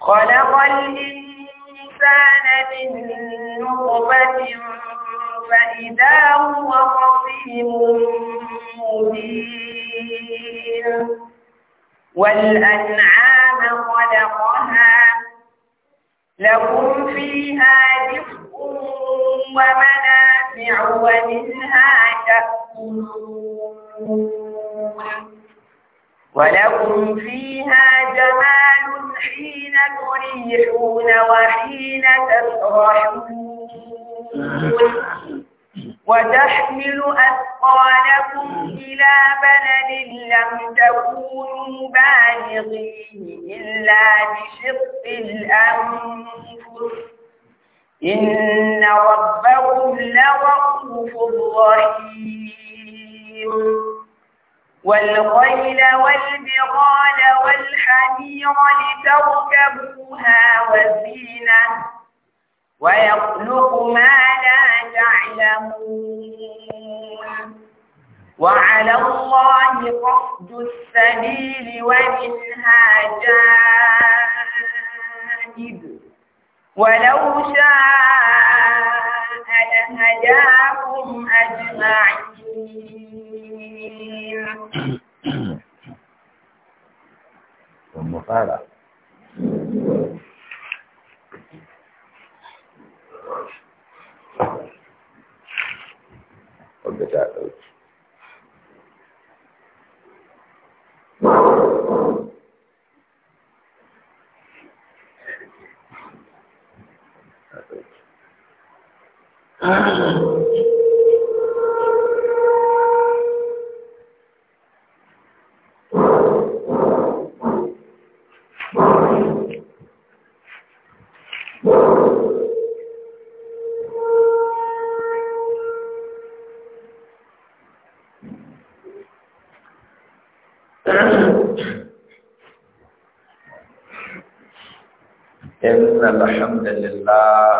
خلق الإنسان من نطفة فإذا هو خصيم مبين والأنعام خلقها لكم فيها دفء ومنافع ومنها تأكلون ولكم فيها جمال حين تريحون وحين تفرحون وتحمل أثقالكم إلى بلد لم تكونوا بالغين إلا بشق الأنفس إن ربكم لغفور رحيم والخيل والبغال والحمير لتركبوها وزينة ويخلق ما لا تعلمون وعلى الله قصد السبيل ومنها جانب ولو شاء لهداه وهم أجمعين ثم قال wadda ta ɗauki إن الحمد لله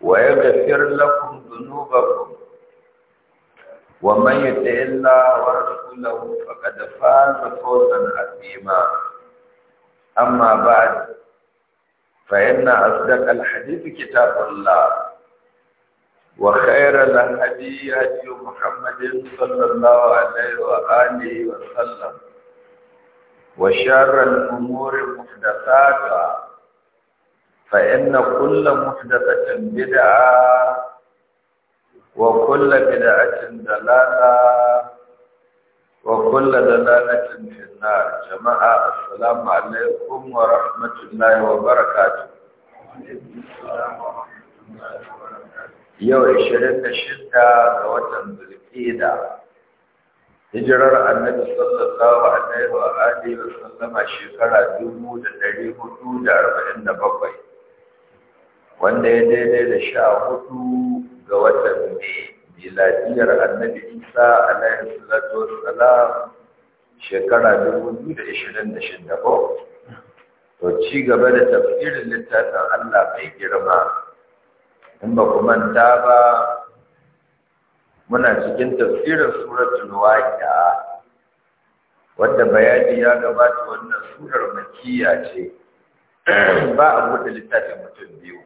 ويغفر لكم ذنوبكم ومن يطع الله ورسوله فقد فاز فوزا عظيما اما بعد فان اصدق الحديث كتاب الله وخير الهدي هدي محمد صلى الله عليه واله وسلم وشر الامور محدثاتها فإن كل محدثة بدعة وكل بدعة دلالة وكل دلالة في النار جماعة السلام عليكم ورحمة الله وبركاته yau 26 ga watan zulkida hijirar annabi sallallahu alaihi wa alihi wa sallama shekara 1447 wanda ya daidai da sha hudu ga watan mai miladiyar annabi isa layin salatu wassalam shekara dubu da ishirin da shida ko to ci gaba da tafsirin littafin allah mai girma in ba kuma ta ba muna cikin tafsirin suratul waqi'a Wadda bayani ya gabata wannan surar makiya ce ba a buɗe littafin mutum biyu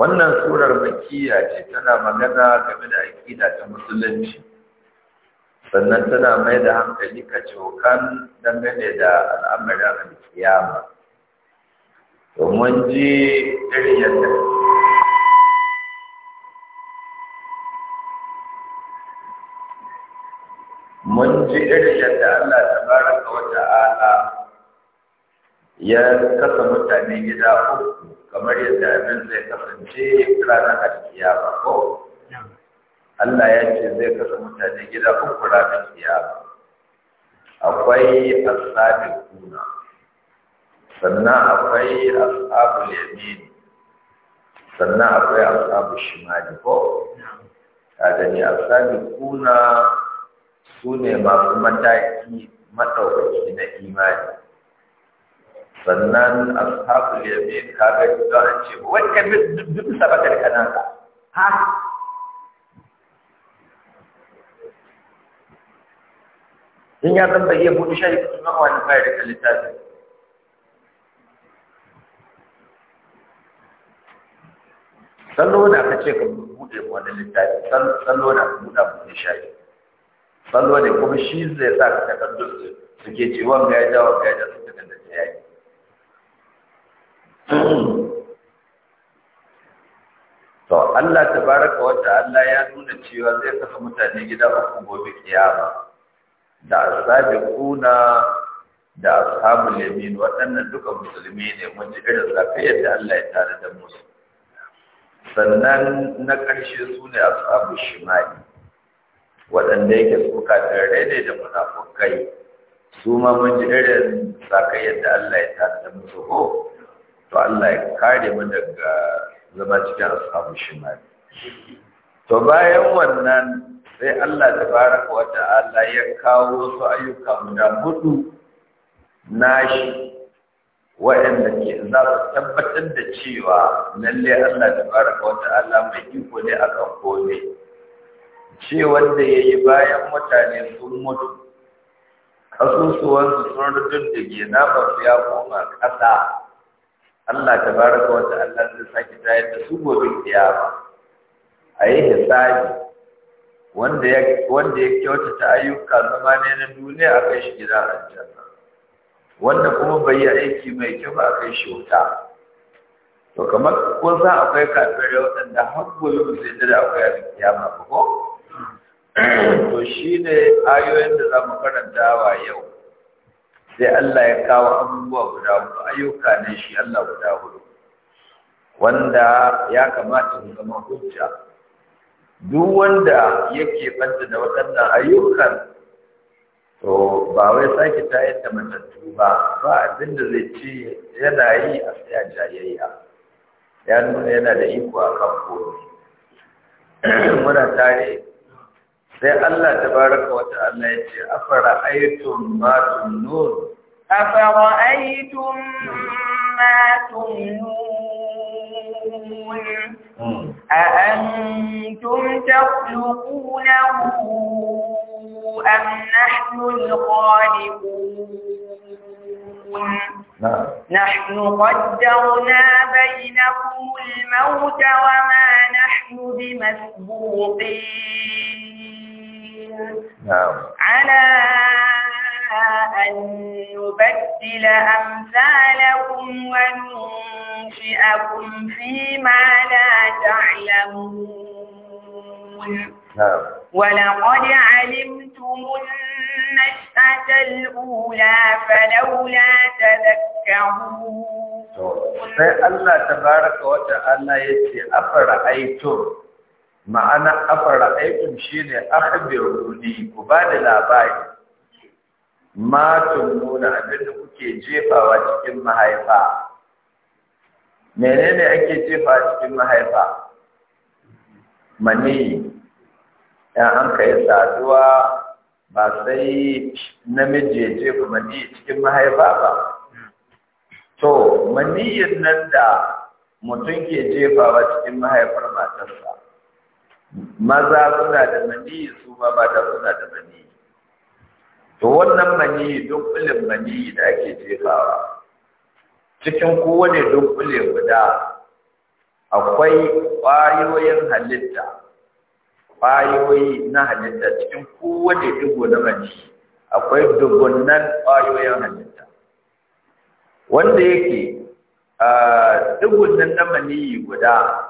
wannan surar makiya ce tana magana game da aƙida ta musulunci sannan tana mai da hankali ka cokan dangane da al'amarin alkiyama domin ji irin yadda mun ji irin yadda Allah tabaraka wa ta'ala ya kasa mutane gida uku kamar yadda abin zai kasance ranar ba ko Allah ya ce zai kasa mutane gida uku ranar ba akwai asabi kuna sannan akwai asabu yamin sannan akwai asabu shimali ko ka gani asabi kuna su ne masu mataki maɗaukaki na imani sannan ya fi kaga da an ce wanda duk sabakar kananka ha in ya san bai iya buɗe shayi kuma wani bai da littafi sallo na ka ce ka buɗe wani littafi sallo na ka buɗe buɗe shayi salo ne kuma shi zai sa ka su suke ce wanga ya ja wanga ya ja sun takardun ta to Allah Ta tabaraka wata, Allah ya nuna cewa zai kafa mutane gida uku gobe kiyama da kuna da asabu lemin waɗannan duka musulmi ne mun ji irin zafi yadda Allah ya tare da musu sannan na ƙarshe su ne ashabul shimali waɗanda yake su da ne da munafukai su ma mun ji irin sakai yadda Allah ya tada musu ko to Allah ya kare mu daga zama cikin ashabu ma to bayan wannan sai Allah tabaraka wa ta'ala ya kawo su ayyuka guda hudu nashi waɗanda ke za su tabbatar da cewa lalle Allah tabaraka wa ta'ala mai iko ne akan kone. ce wanda ya yi bayan mutane sun mutu ƙasusuwansu sun nama su ya koma ƙasa Allah ta baraka wata Allah zai sake tayar da su gobe ƙiyama. a yi hisabi wanda ya kyautata ayyuka zama ne na duniya a kai shi gida aljanna wanda kuma bai yi aiki mai kyau ba a kai shi wuta to kamar ko za akwai kafirai waɗanda har yau ba sai da akwai a kiyama ba ko to shi ne ayoyin da za mu wa yau sai Allah ya kawo abubuwa guda hudu ayyuka ne shi Allah guda hudu wanda ya kamata mu zama hujja duk wanda yake banta da waɗannan ayyukan to ba wai sake ta yadda matattu ba ba abin da zai ce yana yi a tsaya jayayya ya nuna yana da iko a kan komai muna tare sai Allah tabaraka wa ta'ala ya ce afara aitum ma tunnun afara aitum ma tunnun a antum takhluqunahu am nahnu al-khaliqun نحن قدرنا بينكم الموت وما نحن بمسبوقين نعم على أن نبدل أمثالكم وننشئكم فيما لا تعلمون نعم ولقد علمتم النشأة الأولى فلولا تذكرون فالله تبارك وتعالى wa أفرأيتم ma'ana afara aikin shi ne akhbiruni ku ba da labari ma tumuna abin da kuke jefawa cikin mahaifa menene ake jefa cikin mahaifa mani ya an kai saduwa ba sai namiji ya jefa mani cikin mahaifa ba to maniyin nan da mutum ke jefawa cikin mahaifar matarsa maza suna da mani su ma mata suna da mani to wannan mani dunkulin mani da ake jefawa cikin kowane dunkule guda akwai ƙwayoyin halitta ƙwayoyi na halitta cikin kowane digo na mani akwai dubunan ƙwayoyin halitta wanda yake dubunan ah, na mani guda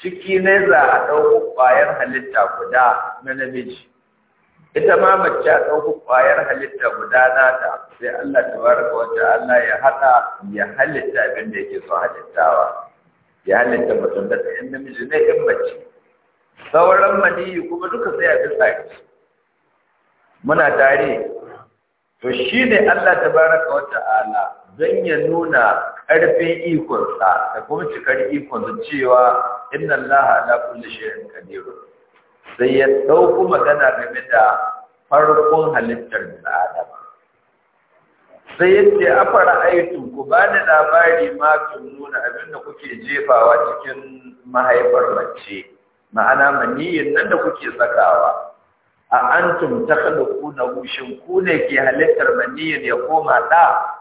ciki ne za a ɗauko ƙwayar halitta guda na namiji ita ma mace a ɗauko ƙwayar halitta guda ta sai Allah warka wata Allah ya haɗa ya halitta abin da yake son halittawa ya halitta mutum da in namiji ne in mace sauran maniyi kuma duka sai a bisa ki? muna tare to shi ne Allah tabaraka wa ta'ala don ya nuna ƙarfin ikonsa da kuma cikar ikonsa cewa inna Allah ala kulli shay'in qadir sai ya dauko magana game da farkon halittar da Adam sai a fara aitu ku ba bani labari ma nuna abin da kuke jefawa cikin mahaifar mace ma'ana maniyin nan da kuke tsakawa. a antum takhluquna shin ku ne ke halittar maniyin ya koma da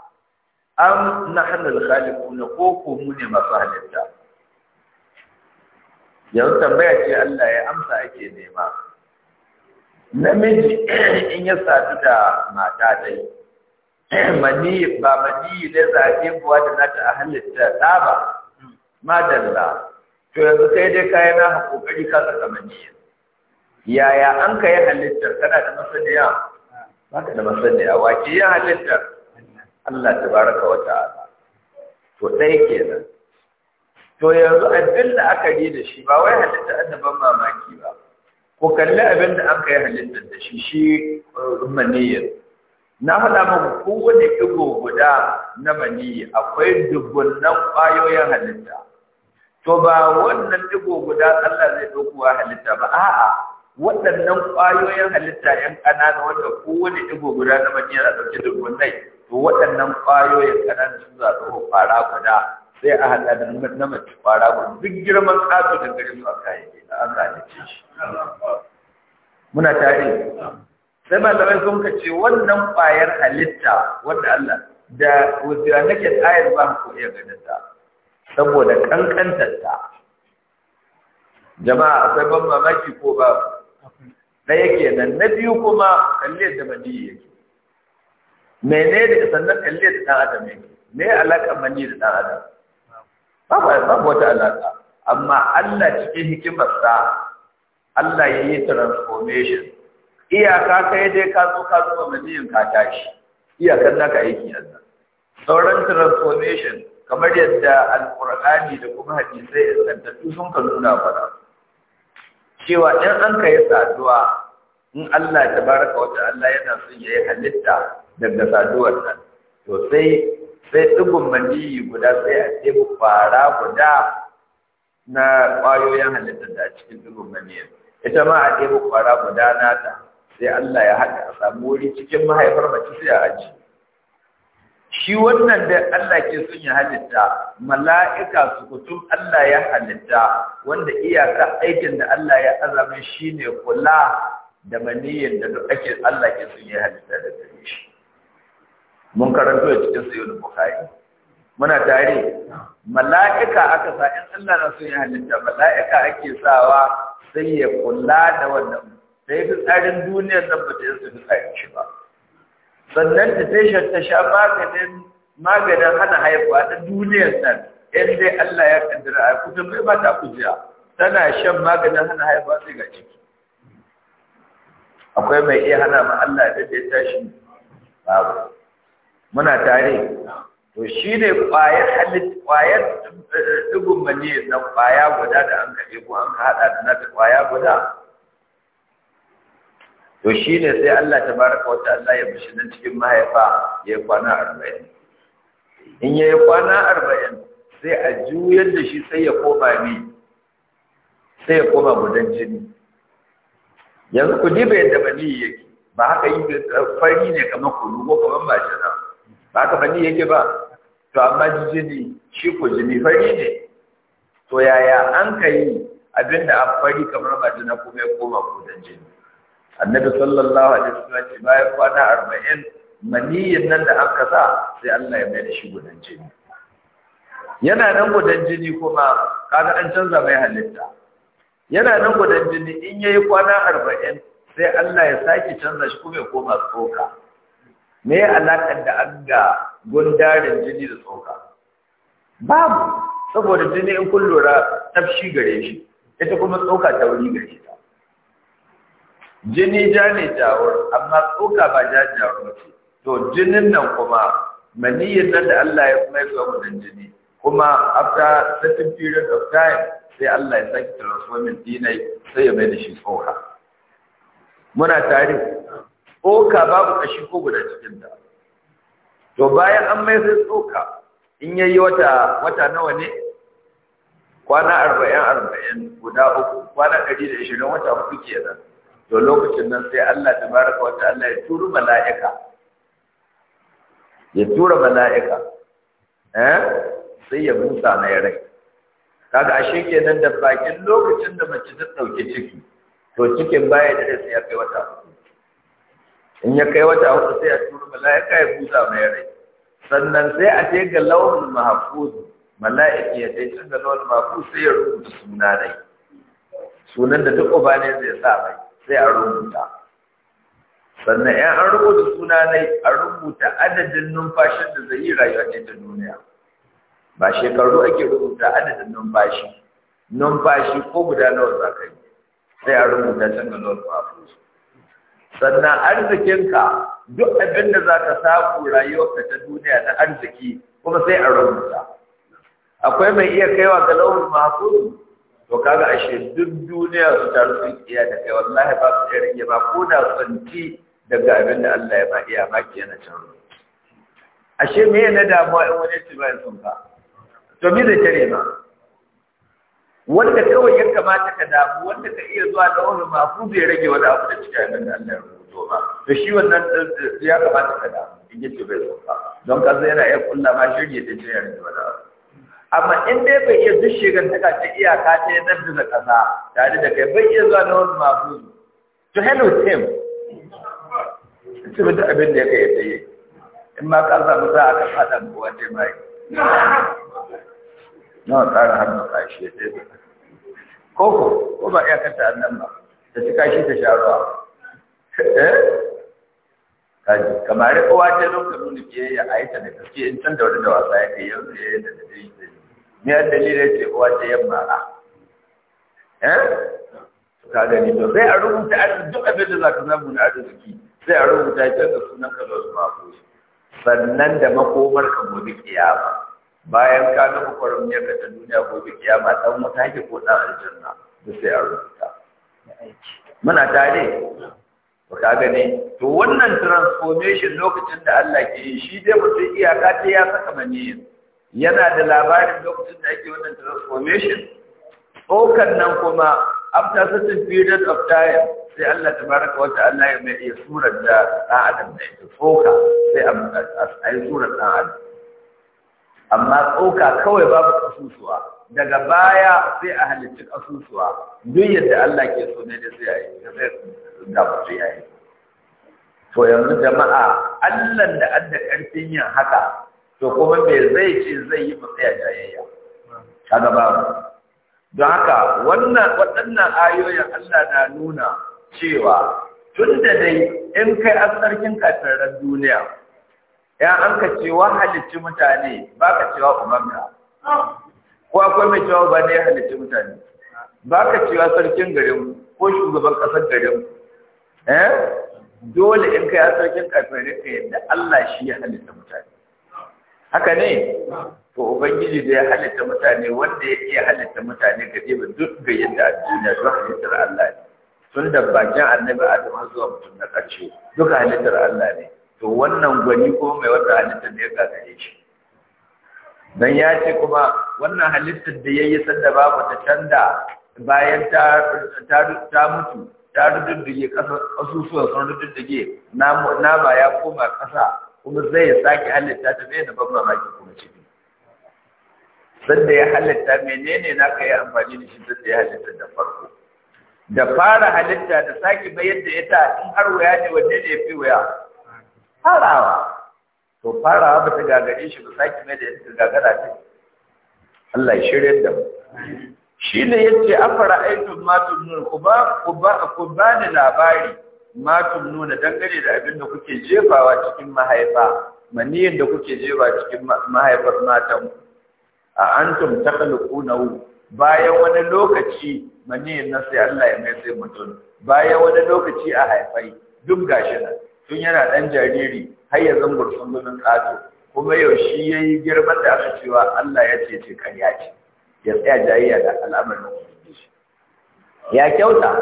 am nahnu al-khaliqun ko ko mu ne masu halitta yanzu tambaya ce Allah ya amsa ake nema namiji in ya sadu da mata dai mani ba mani ne ke buwa da nata a halitta da ba madalla to yanzu sai dai kayi na kokari ka saka mani yaya an kai halittar kana da masaniya Ba ka da masaniya wace yi halittar Allah tabaraka wa ta'ala to dai kenan to yanzu abin da aka yi da shi ba wai halitta annaban mamaki ba ko kalli abin da aka yi halittar da shi shi uh, maniyyar na faɗa muku kowane ɗigo guda na maniyya akwai dubunnan ƙwayoyin halitta to ba wannan ɗigo guda Allah zai ɗaukowa halitta ba a'a waɗannan ƙwayoyin halitta 'yan ƙanana wanda kowane ɗigo guda na maniyyi a ɗauke dubunnai to waɗannan ƙwayoyin ƙananan sun za su fara guda sai a haɗa da mace fara guda duk girman ƙato da garin su a kayan da an ce shi muna tare sai zama sun ka ce wannan ƙwayar halitta wanda Allah da wasu nake tsayar ba mu iya ganin ta saboda kankantar ta jama'a akwai ban mamaki ko ba ɗaya kenan na biyu kuma kalle da madiyi yake menene sannan kalle da ɗan adam ne me alaƙa mani da ɗan adam babu wata alaƙa amma Allah cikin hikimarsa Allah ya yi transformation iyaka kai dai ka zo ka zuwa maniyin ka tashi iyakar naka aiki yanzu sauran transformation kamar yadda alƙur'ani da kuma hadisai da ingantattu sun ka nuna fara cewa in an kai saduwa in Allah tabaraka wa ta'ala yana son ya yi halitta daga saduwar nan to sai sai dubun maniyi guda sai a ɗebo fara guda na ƙwayoyin halittar da cikin dubun maniyin ita ma a ɗebo fara guda nata sai Allah ya haɗa a samu wuri cikin mahaifar mace sai a aji shi wannan da Allah ke son ya halitta mala'ika su kutum Allah ya halitta wanda iyaka aikin da Allah ya azamin shine kula da maniyin da duk ake Allah ke son ya halitta da shi mun karanto ya cikin sayo da bukari muna tare mala'ika aka sa in Allah na so ya halitta mala'ika ake sawa sai ya kula da wannan sai fi tsarin duniyar nan bata yi su fi shi ba sannan ta tashar ta sha maganin maganin hana haihuwa na duniyar nan in dai Allah ya kaddara a kusa mai ba ta kujiya tana shan maganin hana haihuwa sai ga ciki akwai mai iya hana ma Allah da ta tashi babu muna tare to shi ne ƙwayar halittu ƙwayar eh, ɗigun mani na ƙwaya guda da an kaɗe ko an haɗa da na ƙwaya guda to shi ne sai Allah ta baraka wata Allah ya bashi nan cikin mahaifa ya yi kwana arba'in in ya yi kwana arba'in sai a juyar da shi sai ya koma ni sai ya koma gudan jini yanzu ku diba yadda mani yake ba haka yi eh, fari ne kamar kudu ko kamar nan ba ka bani yake ba to amma jini shi ko jini fari ne to yaya an ka yi abinda a fari kamar ba jina kuma ya koma kudan jini annabi sallallahu alaihi wasallam ce ya kwana arba'in maniyin nan da aka sa sai Allah ya bai da shi gudan jini yana nan gudan jini kuma kaga an canza mai halitta yana nan gudan jini in yayi kwana arba'in sai Allah ya sake canza shi kuma ya koma tsoka me ya alaƙar da an ga gundarin jini da tsoka babu saboda jini in kun lura tafshi gare shi ita kuma tsoka ta wuri gare shi jini ja ne jawar amma tsoka ba ja jawar ce to jinin nan kuma maniyyar nan da Allah ya kuma yi zuwa jini kuma after certain period of time sai Allah ya sake transforming dinai sai ya mai da shi tsoka muna tare tsoka babu kashi ko guda cikin ta to bayan an mai sai tsoka in yayi wata wata nawa ne kwana arba'in arba'in guda uku kwana ɗari da ishirin wata hudu kenan to lokacin nan sai Allah tabaraka wata Allah ya turu mala'ika ya tura mala'ika eh sai ya busa mai rai kaga ashe kenan da bakin lokacin da mace ta dauke ciki to cikin baya da sai ya kai wata in ya kai wata hudu sai a turu mala'ika ya busa mai rai sannan sai a je ga launin mahfuz mala'ika ya je can ga launin mahfuz sai ya rubuta suna rai sunan da duk uba ne zai sa mai sai a rubuta sannan in an rubuta suna rai a rubuta adadin numfashin da zai yi rayuwa ne ta duniya ba shekaru ake rubuta adadin numfashi numfashi ko guda nawa za ka yi sai a rubuta can ga launin mahfuz sannan arzikinka duk abin da za ka samu rayuwarka ta duniya na arziki kuma sai a rubuta akwai mai iya kaiwa ga launin mahfuz to kaga ashe duk duniya su taru sun iya da kai wallahi ba su rage ba ko da tsanti daga abin da Allah ya ba iya ba ki yana can ashe me na damuwa in wani ci ba sun ba to me zai tare ma wanda kawai ya kamata ka damu wanda ka iya zuwa da wani mafu zai rage wani abu da cikin abin da Allah ya ba to shi wannan eh, ya kamata ka da in yace bai zo ba don kaza yana iya kulla ma shirye da jiya ne wala amma in dai bai iya duk shigar ta kace iyaka ta ya dabda da kaza tare da kai bai iya zuwa na wani mafu to hello tim ce da abin da ya kai ta yi in ma ka samu za a ka fada mu wace mai na tsara hannu kashi ya tsaye ko ko ko ba iya kanta annan ba ta ci kashi ta sharuwa Eh? kaji kamar kowa ce lokacin ne biyayya a yi ta da gaske in can da wani da wasa ya kai yanzu ya da da zai zai ne a dalilin ce kowa ce yamma a eh? ka gani to sai a rubuta a duk abin da za ka samu na arziki sai a rubuta ta da sunan ka da su ko sannan da makomar ka gobe kiyama bayan ka gama kwaramniyar ka ta duniya gobe kiyama dan mutaki ko dan aljanna sai a rubuta muna tare to ka gane to wannan transformation lokacin da Allah ke yi shi dai mutum iyaka ta ya saka mani yana da labarin lokacin da ake wannan transformation kan nan kuma after certain period of time sai Allah tabaraka wa ta'ala ya mai iya surar da adam da ita tsoka sai a yi surar ɗan adam amma tsoka kawai babu kasusuwa daga baya sai a halitta ƙasusuwa duk yadda Allah ke so ne da sai a yi da ba a yi to yanzu jama'a Allah da adda karfin yin haka to kuma me zai ce zai yi ba sai a jayayya kaga ba don haka waɗannan ayoyin Allah na nuna cewa tun da dai in kai an sarkin kafirar duniya ya an ka ce wa halicci mutane ba ka cewa ubanka ko akwai mai cewa ba ne ya halitta mutane ba ka cewa sarkin garin ko shugaban ƙasar garin eh dole in kai sarkin kafirai ka yadda Allah shi ya halitta mutane haka ne to ubangiji da ya halitta mutane wanda ya iya halitta mutane ga ba duk ga yadda addini zuwa halittar Allah ne tun da bakin annabi Adam zuwa mutum na ƙarshe duka halittar Allah ne to wannan gwani ko mai wata halitta ne ya gagare shi dan ya ce kuma wannan halittar da yayi sanda babu ta canda bayan ta ta mutu ta rududdige kasar kasusuwan sun rududdige nama ya koma kasa kuma zai sake halitta ta bai da ban mamaki kuma ciki sanda ya halitta menene na ka yi amfani da shi sanda ya halitta da farko da fara halitta da sake bayan da ta in har waya ne wanne ne ya fi waya Harawa. to farawa ba ta gagare shi ba sake mai da ita gagara ce Allah ya shirye da mu shi ne yace afara aitum ma tumnun ku ba ku ba ku ba ni labari ma nuna dangane da abin da kuke jefawa cikin mahaifa maniyin da kuke jefa cikin mahaifar matan a antum takhluqunahu bayan wani lokaci maniyin na sai Allah ya mai sai mutum bayan wani lokaci a haifai duk gashi nan tun yana dan jariri har ya zambar sungumin ƙato kuma yau shi ya yi girman da aka cewa Allah ya ce ce kan ya ce ya tsaya jayayya da al'amarin ubangiji ya kyauta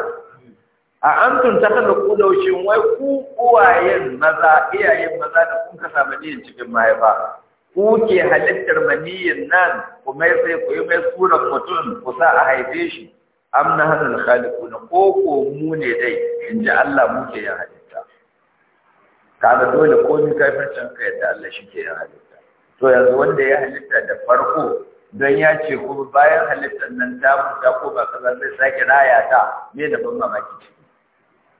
a tun ta kan ku wai ku uwayen maza iyayen maza da kun ka niyyar cikin mahaifa ku ke halittar maniyan nan kuma sai ku yi mai suran mutum ku sa a haife shi amna hanul khaliquna ko ko mu ne dai in ji Allah muke yin halitta kaga dole komai kafircin ka yadda Allah shi ke yin halitta to yanzu wanda ya halitta da farko don ya ce kuma bayan halittar nan ta mutu ko ba ka zai sake raya ta me da ban mamaki ce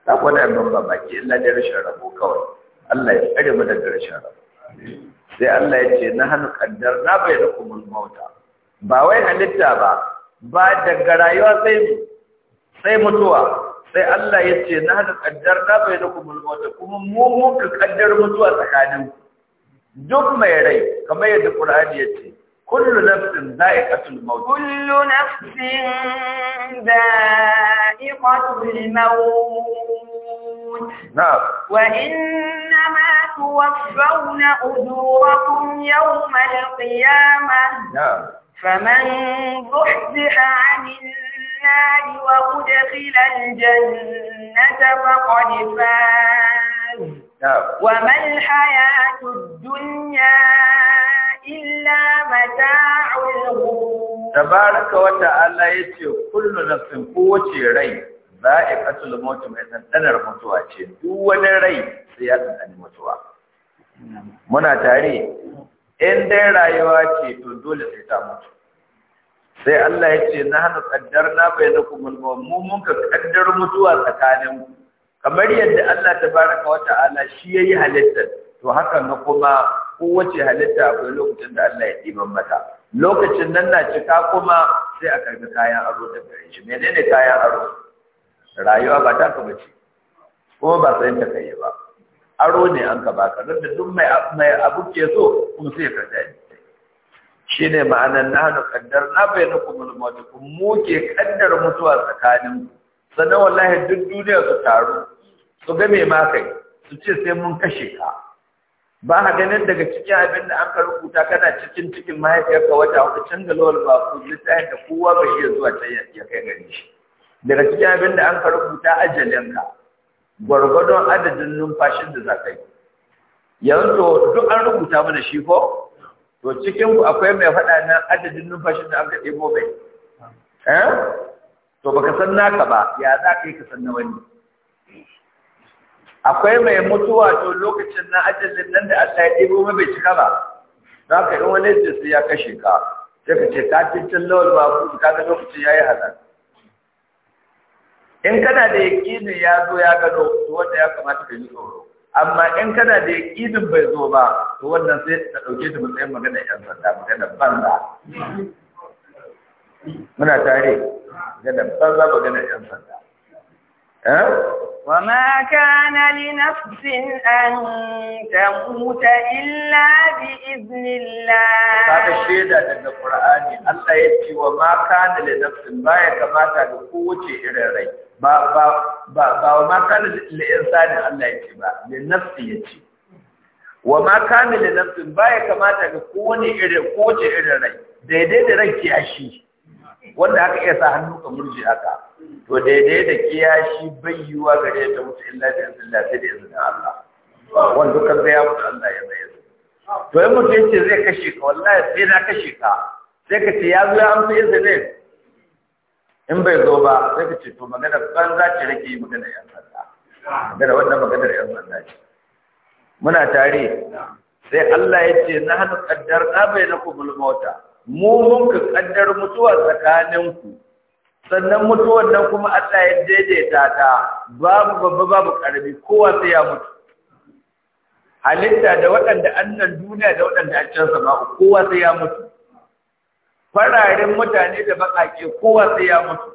ta ko da ban mamaki illa da rashin rabo kawai Allah ya tsare mu daga rashin rabo sai Allah ya ce na hannu kaddar na bai da kuma mauta ba wai halitta ba ba daga rayuwa sai sai mutuwa sai Allah ya ce na haka kaddar na bai da kuma mota kuma mu muka kaddar mutuwa tsakanin duk mai rai kamar yadda Qur'ani ya ce kullu nafsin za'iqatul maut kullu nafsin za'iqatul maut na'am wa inna ma tuwaffawna ujurakum yawmal qiyamah na'am faman zuhziha 'anil النار وأدخل الجنة فقد فاز وما الحياة الدنيا إلا متاع تبارك وتعالى يتي كل نفس قوة ري ذائقة الموت من أن الموتوى دون ري سيادة الموتوى muna tare in dai rayuwa ce to dole sai ta mutu sai Allah ya ce na hana kaddar na bai na kumul mu mun ka kaddar mutuwa tsakanin kamar yadda Allah ta tabaraka wa ta'ala shi ya yi halitta, to haka na kuma kowace halitta akwai lokacin da Allah ya ɗiban mata lokacin nan na cika kuma sai a karbi kayan aro da gare shi menene kayan aro rayuwa ba ta kuma ce kuma ba sai ta kai ba aro ne an ka baka don da duk mai abu ke so kuma sai ka karbi shi ne ma'anar hannu kandar na bai na kuma lumatu mu ke kandar mutuwa tsakanin sannan wallahi duk duniya su taru su ga ma kai su ce sai mun kashe ka ba ha ganin daga cikin abin da aka rubuta kana cikin cikin mahaifiyarka wata wata can ga lawal ba ku littafin da kowa bai iya zuwa can ya kai gani shi daga cikin abin da aka rubuta ajalinka gwargwadon adadin numfashin da za ka yi yanzu duk an rubuta mana shi ko to cikin ku akwai mai faɗa na adadin numfashin da aka ɗebo bai eh to baka san naka ba ya za ka yi ka san na wani akwai mai mutuwa to lokacin na adadin nan da Allah ya ɗebo mai bai cika ba za ka yi wani sai ya kashe ka sai ka ce ka cikin lawal ba ku ka ga lokacin ya yi hazar in kana da yaƙinin ya zo ya gano to wanda ya kamata ka yi tsoro amma in kana da yaƙinin bai zo ba to wannan sai ka ɗauke ta matsayin magana ƴan sanda magana banza muna tare magana banza magana ƴan sanda وما كان لنفس أن تموت إلا بإذن الله هذا الشيء ده في القرآن الله يتي وما كان لنفس ما يكمات لقوة إلى رأيه ba ba ba ba wa ma kana li insani Allah yake ba li nafsi yake wa ma kana li nafsin ba ya kamata ga kowane irin kowace irin rai daidai da rai shi wanda aka iya sa hannu ka murji haka to daidai da kiyashi bai gare ta mutu illa da izinin da sai da izinin Allah wanda dukkan zai ya Allah ya bayar to in mutum ce zai kashe ka wallahi sai na kashe ka sai ka ce ya zo ya amsa izinin in bai zo ba sai ka ce to magana banza ce rage yi magana yan sanda magana wannan maganar yan sanda ce muna tare sai Allah ya ce na hannu kaddar na bai na kumul mota mu mun ka kaddar mutuwa tsakaninku sannan mutuwar nan kuma Allah ya daidaita ta babu babba babu karami kowa sai ya mutu halitta da waɗanda annan duniya da waɗanda a can sama kowa sai ya mutu fararen mutane da baƙaƙe kowa sai ya mutu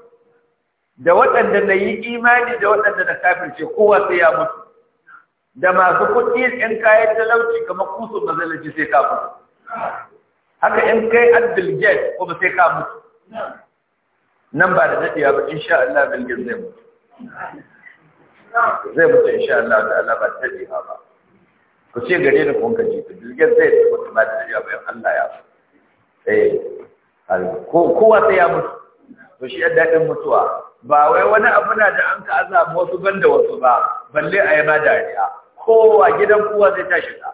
da waɗanda na yi imani da waɗanda na kafirce kowa sai ya mutu da masu kuɗi ‘yan kayan talauci kamar kusur mazalaci sai ka mutu haka ‘yan kai abdul jet kuma sai ka mutu nan ba da daɗewa ba insha Allah bilgin zai mutu zai mutu insha Allah da Allah ba da daɗewa ba ku ce gare da kun gaji bilgin zai mutu ba da daɗewa ba Allah ya fi eh. kowa sai ya mutu to shi ya daɗin mutuwa ba wai wani abu na da an ka azama wasu banda wasu ba balle a yi ma dariya kowa gidan kowa zai ta shiga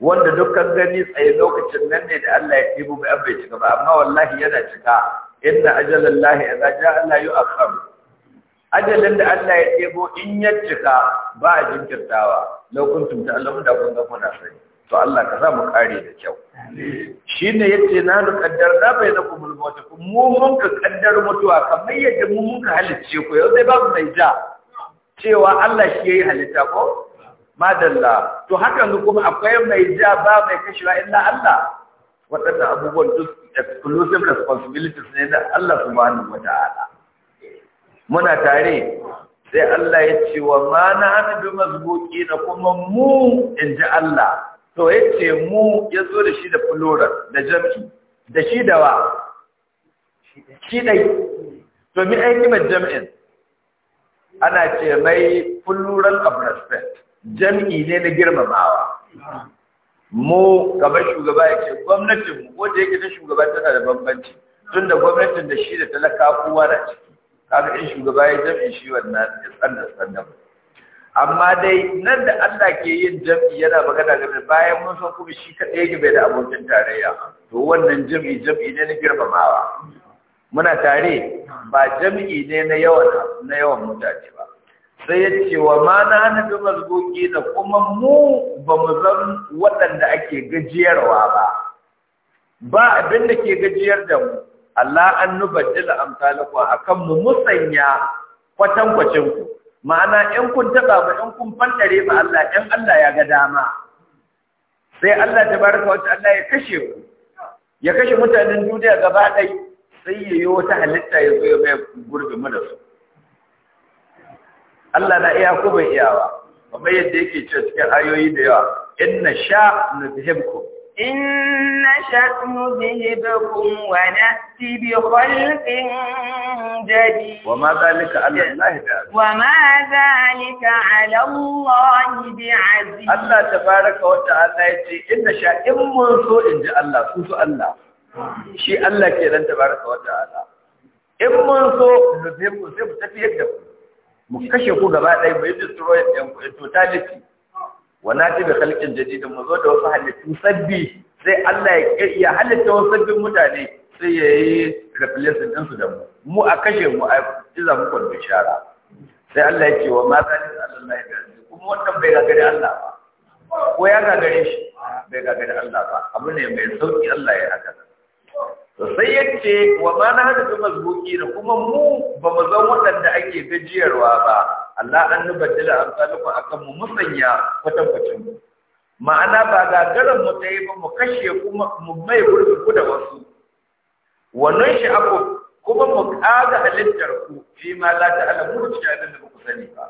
wanda dukkan gani tsaye lokacin nan ne da Allah ya tibu mai bai cika ba amma wallahi yana cika inna ajalan lahi idza jaa Allah yu'akhkhar ajalin da Allah ya tibo in ya cika ba a jinkirtawa lokuntum ta Allah da kun ga kuna sani to Allah ka za mu kare da kyau shi ne ya ce na nukaddar na bai na kuma mota mu mun ka kaddar mutuwa kamar yadda mu mun ka halicce ku yau zai babu mai ja cewa Allah shi ya yi halitta ko madalla to hakan kuma akwai mai ja ba mai kashewa illa Allah waɗannan abubuwan duk exclusive responsibilities ne na Allah subhanahu wa ta'ala muna tare sai Allah ya ce wa ma na hadu mazbuki na kuma mu in ji Allah to ya ce mu ya zo da shi da fulora da jam'i da shi da wa shi dai to mi ai kimar jam'in ana ce mai fulural of respect jam'i ne na girmamawa mu kamar shugaba yake gwamnatin mu wanda yake ta shugaba tana da bambanci tunda gwamnatin da shi da talaka kowa da ciki kaga in shugaba ya jam'i shi wannan ya tsanda tsanda amma dai nan da Allah ke yin jam'i yana magana game bayan mun san kuma shi kaɗai yake bai da abokin tarayya to wannan jam'i jam'i ne na girmamawa muna tare ba jam'i ne na yawan na yawan mutane ba sai ya ce wa ma na hana mazgoki da kuma mu ba mu zan waɗanda ake gajiyarwa ba ba abin da ke gajiyar da mu Allah an nubaddila amsalakum akan mu musanya kwatankwacin ku ma'ana in kun taba ba in kun fantare ba Allah in Allah ya ga dama sai Allah tabaraka wa ta'ala ya kashe ku ya kashe mutanen duniya gaba ɗai sai ya yi wata halitta ya zo ya mai gurbin mu da su Allah na iya ko bai iyawa kamar yadda yake cewa cikin ayoyi da yawa inna sha nuzhibkum إن نشأ نذهبكم ونأتي بخلق جديد وما ذلك على الله بعزيز وما ذلك على الله بعزيز الله تبارك وتعالى يتي إن نشأ إن منسو إن جاء الله سوسو الله شيء الله كيران تبارك وتعالى إن منسو نذهبكم سيب تفيك دفو mu kashe ku gaba ɗaya mu yi destroy ɗin ku in totality wana ji da halkin jadidin mu zo da wasu halittu sabbi sai Allah ya halitta wasu sabbin mutane sai ya yi replacing ɗinsu da mu mu a kashe mu a jiza mu kwando shara sai Allah ya ce wa ma za ni Allah ya gani kuma wannan bai gagari Allah ba ko ya gagare shi bai gagari Allah ba abu ne mai sauƙi Allah ya haka to sai yace wa ma na hada da mazbuki da kuma mu ba mu zan waɗanda ake gajiyarwa ba Allah an dila an tsaliku akan mu musanya kwatankwacin ma'ana ba gagarin mu ta yi ba mu kashe kuma mu mai gurbin ku da wasu wannan shi aku kuma mu kaga halittar ku fi ma la ta'lamu shi abin da ku sani ba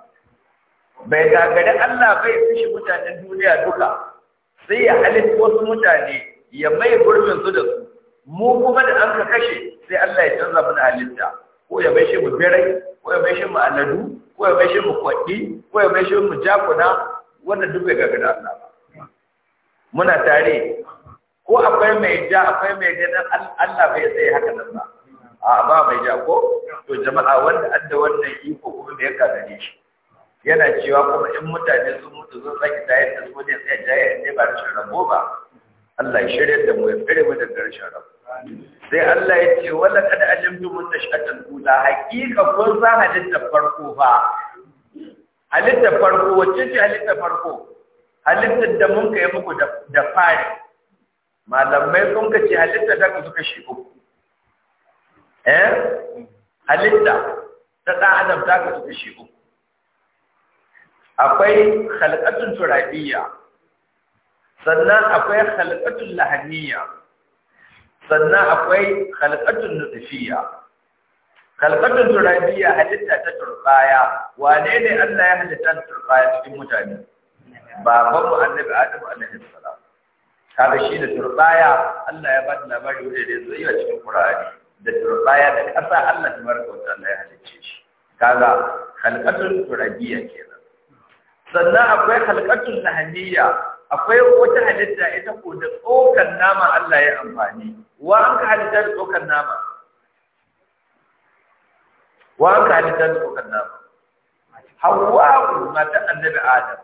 bai gagari Allah bai fushi mutanen duniya duka sai ya halitta wasu mutane ya mai gurbin su da su mu kuma da an ka kashe sai Allah ya canza mana halitta ko ya shi mu birai ko ya shi mu aladu ko ya shi mu kwadi, ko ya shi mu jakuna wannan duk bai gagara Allah ba muna tare ko akwai mai ja akwai mai ja dan Allah bai sai haka nan ba a ba mai ja ko to jama'a wanda adda wannan iko kuma bai kaza ne shi yana cewa kuma in mutane sun mutu zan saki tayar da su ne sai jayar ne ba da rabo ba Allah ya shirya da mu ya fere mu daga rashin rabu sai Allah ya ce wala kad alimtu mun tashatul ula haqiqa kun za halitta farko fa halitta farko wacce ce halitta farko Halitta da mun kai muku da fari malamai sun ka ce halitta ku suka shi uku eh halitta ta ɗan adam ta suka shi uku akwai khalqatun turabiyya sannan akwai khalqatul lahaniyya sannan akwai khalqatul nutfiyya khalqatul turabiyya halitta ta turbaya wane ne Allah ya halitta turbaya cikin mutane baban mu annabi Adam alaihi salam kaga shi da turbaya Allah ya bada labari wanda da zai yi cikin Qur'ani da turbaya da kasa Allah ya barka wa Allah ya halicce shi kaga khalqatul turabiyya kenan sannan akwai khalqatul lahaniyya akwai wata halitta ita ko da tsokan nama Allah ya amfani wa an ka halitta da tsokan nama wa an ka halitta da tsokan nama hawwa mata annabi adam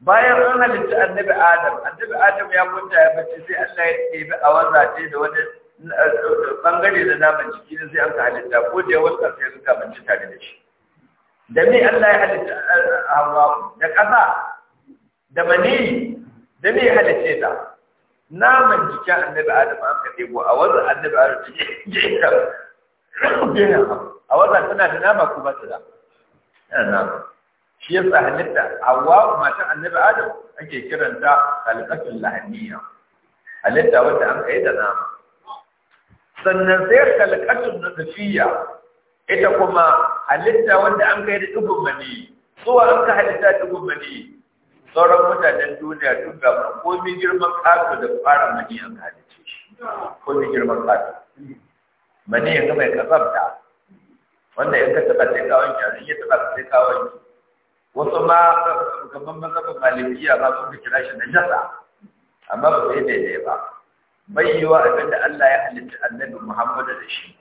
bayan an halitta annabi adam annabi adam ya kunta ya bace sai Allah ya bi a ce da wani eh, bangare da naman jiki da sai an ka halitta ko da yawan sai suka manci tare da shi da me Allah ya halitta eh, hawwa da ƙasa da mani da me halice ta naman jikin annabi adam aka ɗebo a wannan annabi adam jikin a wannan tana da nama ko ba ta da tana nama shi yasa halitta hawa matan annabi adam ake kiranta halittatul lahaniya halitta wanda an kai da nama sannan sai halittatul nafiyya ita kuma halitta wanda an kai da dubun mani zuwa an ka halitta dubun mani sauran mutanen duniya duk ga ba mi girman kato da fara mani an hada ce shi komi girman mani ya ka mai kasabta wanda in ka taɓa sai ka wanke in ya taɓa sai ka wasu ma gaban mazhabin malikiya ba sun kira shi na jasa amma ba sai daidai ba bai yiwa abinda Allah ya halitta annabi Muhammad da shi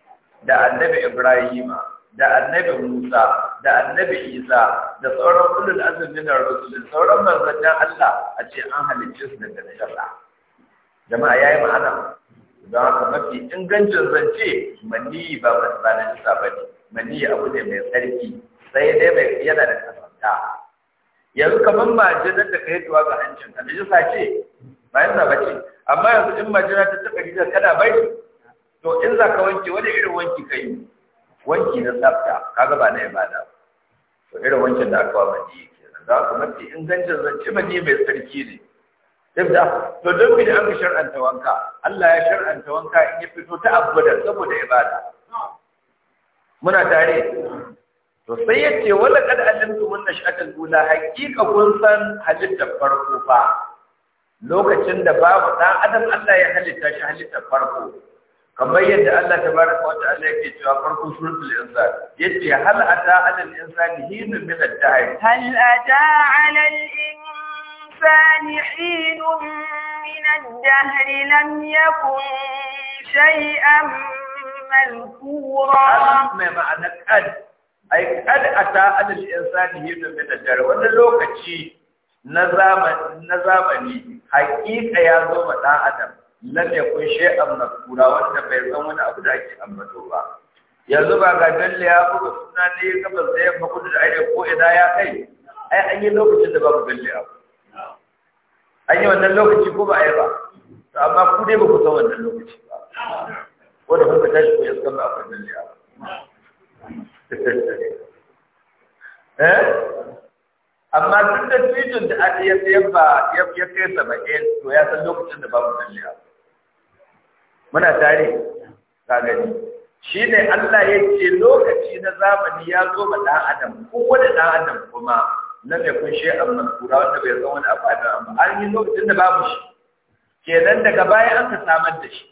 da annabi Ibrahima da annabi Musa da annabi Isa da sauran ulul azmi na rusul sauran manzannin Allah a ce an halicce su daga shara jama'a yayi ma'ana don haka mafi ingancin zance manni ba ba na jisa ba ne manni abu ne mai tsarki sai dai mai yana da kasanta yanzu kamar majinar da ka yi tuwa ga hancin ka da jisa ce ba yin ba ce amma yanzu in majinar ta taɓa gidan kada bai to in za ka wanke wani irin wanki ka yi wanki na tsafta kaga ba na ibada to irin wankin da aka ba ni kenan za ku mafi ingancin zance mani mai sarki ne Duk da, to don da an shar'anta wanka Allah ya shar'anta wanka in ya fito ta abuda saboda ibada muna tare to sai yace wala kad alimtu mun nashatul ula haqiqa kun san halitta farko ba. lokacin da babu dan adam Allah ya halitta shi halitta farko kamar yadda Allah ta tabaraka wa ya yake cewa farko suratul insan yace hal ata alal insani hinu min ad-dahr hal ata alal insani hinu min ad-dahr lam yakun shay'an malkura mai ma'ana kad ai kad ata alal insani hinu min ad-dahr wani lokaci na zamani na zamani hakika ya zo ma dan adam lam yakun shay'an mazkura wanda bai zan wani abu da ake ambato ba yanzu ba ga dalle ya ku suna ne kafa sai ya kudu da aire ko idan ya kai ai an yi lokacin da ba ku dalle abu an yi wannan lokaci ko ba a yi ba amma ku dai ba ku san wannan lokaci ba ko da kuka tashi ko san ba ku dalle abu eh amma duk da titin da aka yi ba ya kai saba'in to ya san lokacin da babu dalle abu muna tare ka gani Shi ne Allah ya ce lokaci na zamani ya zo ma ɗan adam ko wani ɗan adam kuma lam yakun a mazkura wanda bai zama wani abu amma an yi lokacin da babu shi kenan daga baya an ka samar da shi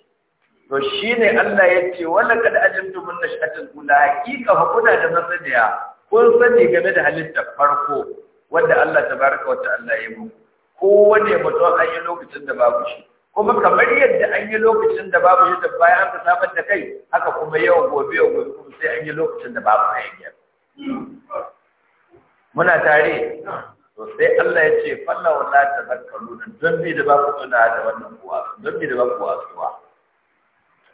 to shi ne Allah ya ce ka da ajin tumun na shatin kula. hakika kuna da masaniya kun sani game da halitta farko wanda Allah ta baraka wata Allah ya yi ko wane mutum an yi lokacin da babu shi kuma kamar yadda an yi lokacin da babu da bayan aka samar da kai haka kuma yau gobe yau gobe kuma sai an yi lokacin da babu hanyar muna tare to sai Allah ya ce falla wala nan don bi da babu tsuna da wannan kuwa don bi da babu ku wasuwa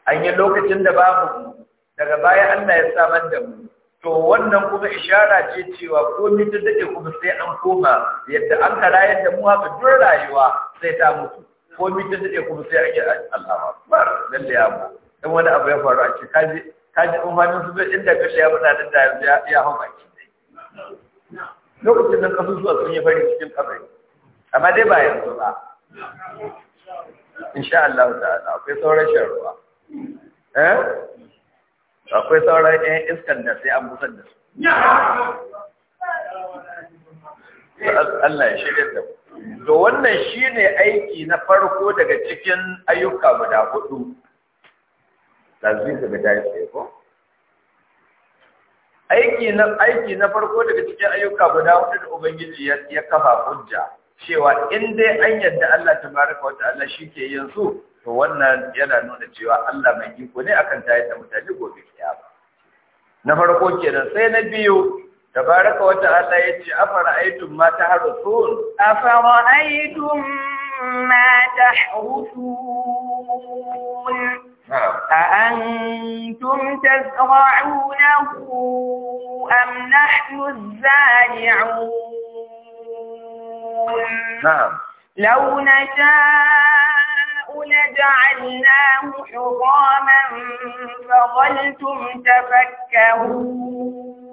an yi lokacin da babu daga baya Allah ya samar da mu to wannan kuma ishara ce cewa ko ni da dade kuma sai an koma yadda an karayar da mu haka duk rayuwa sai ta mutu ko mi ta dade kuma sai ake Allah ba lalle ya mu dan wani abu ya faru a ce kaji kaji umfanin su zai inda kashi ya bada da ya ya hau baki lokacin da zuwa sun yi fari cikin kabari amma dai ba yanzu ba insha Allah ta'ala akwai sauran sharuwa eh akwai sauran ɗayan iskan da sai an busar da su Allah ya shirya da ku to wannan shi ne aiki na farko daga cikin ayyuka guda hudu tazizu ga ko aiki na aiki na farko daga cikin ayyuka guda hudu da ubangiji ya kafa hujja cewa in dai an yadda Allah tabaraka wa shi ke yin su to wannan yana nuna cewa Allah mai iko ne akan tayar da mutane gobe kiyama na farko kenan sai na biyu تبارك وتعالى يجي أفرأيتم ما تحرثون أفرأيتم ما تحرثون نعم. أأنتم تزرعونه أم نحن الزارعون نعم لو نشاء لجعلناه حراما فظلتم تفكهون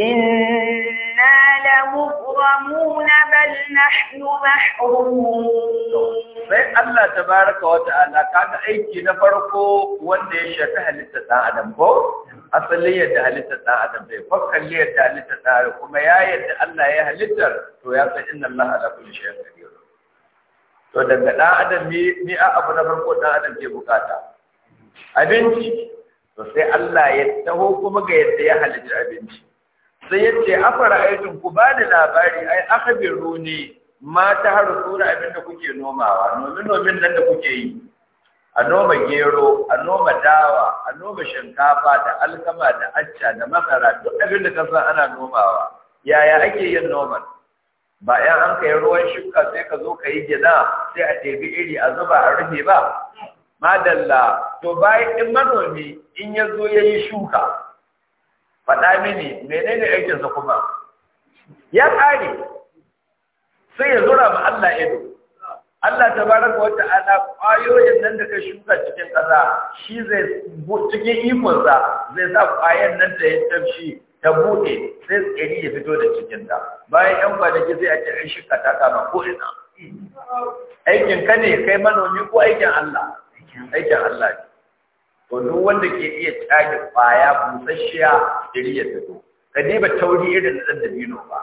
إنا لمغرمون بل نحن محرومون sai Allah tabaraka wa ta'ala aiki na farko wanda ya shafi halitta ɗan adam ko asalin yadda halitta ɗan adam bai fakkan yadda adam kuma ya yadda Allah ya halittar to ya san inna Allah ala kulli shay'in qadir to daga ɗan adam ni a abu na farko ɗan adam ke bukata abinci to sai Allah ya taho kuma ga yadda ya halitta abinci sai yace ce afara aikin ku bani labari ai akhbiru ne ma ta harusura abin da kuke nomawa nomin nomin nan da kuke yi a noma gero a noma dawa a noma shinkafa da alkama da acca da masara duk abin da kasan ana nomawa yaya ake yin noman ba an kai ruwan shuka sai ka zo ka yi gida sai a tebi iri a zuba a rufe ba madalla to baya in manomi in ya zo ya yi shuka faɗa mini menene aikinsa kuma ya ƙare sai ya zura ma Allah ido Allah tabaraka wata ala ƙwayoyin nan da ka shuka cikin ƙasa shi zai cikin ikonsa zai sa ƙwayan nan da ya tafshi ta buɗe sai tsiri ya fito da cikin ta bayan ƴan kwanaki sai a ce shuka ta ma ko ina aikin ka ne kai manomi ko aikin Allah aikin Allah ne to duk wanda ke iya tsage baya busasshiya iri ya fito ka ne ba tauri irin dan dabino ba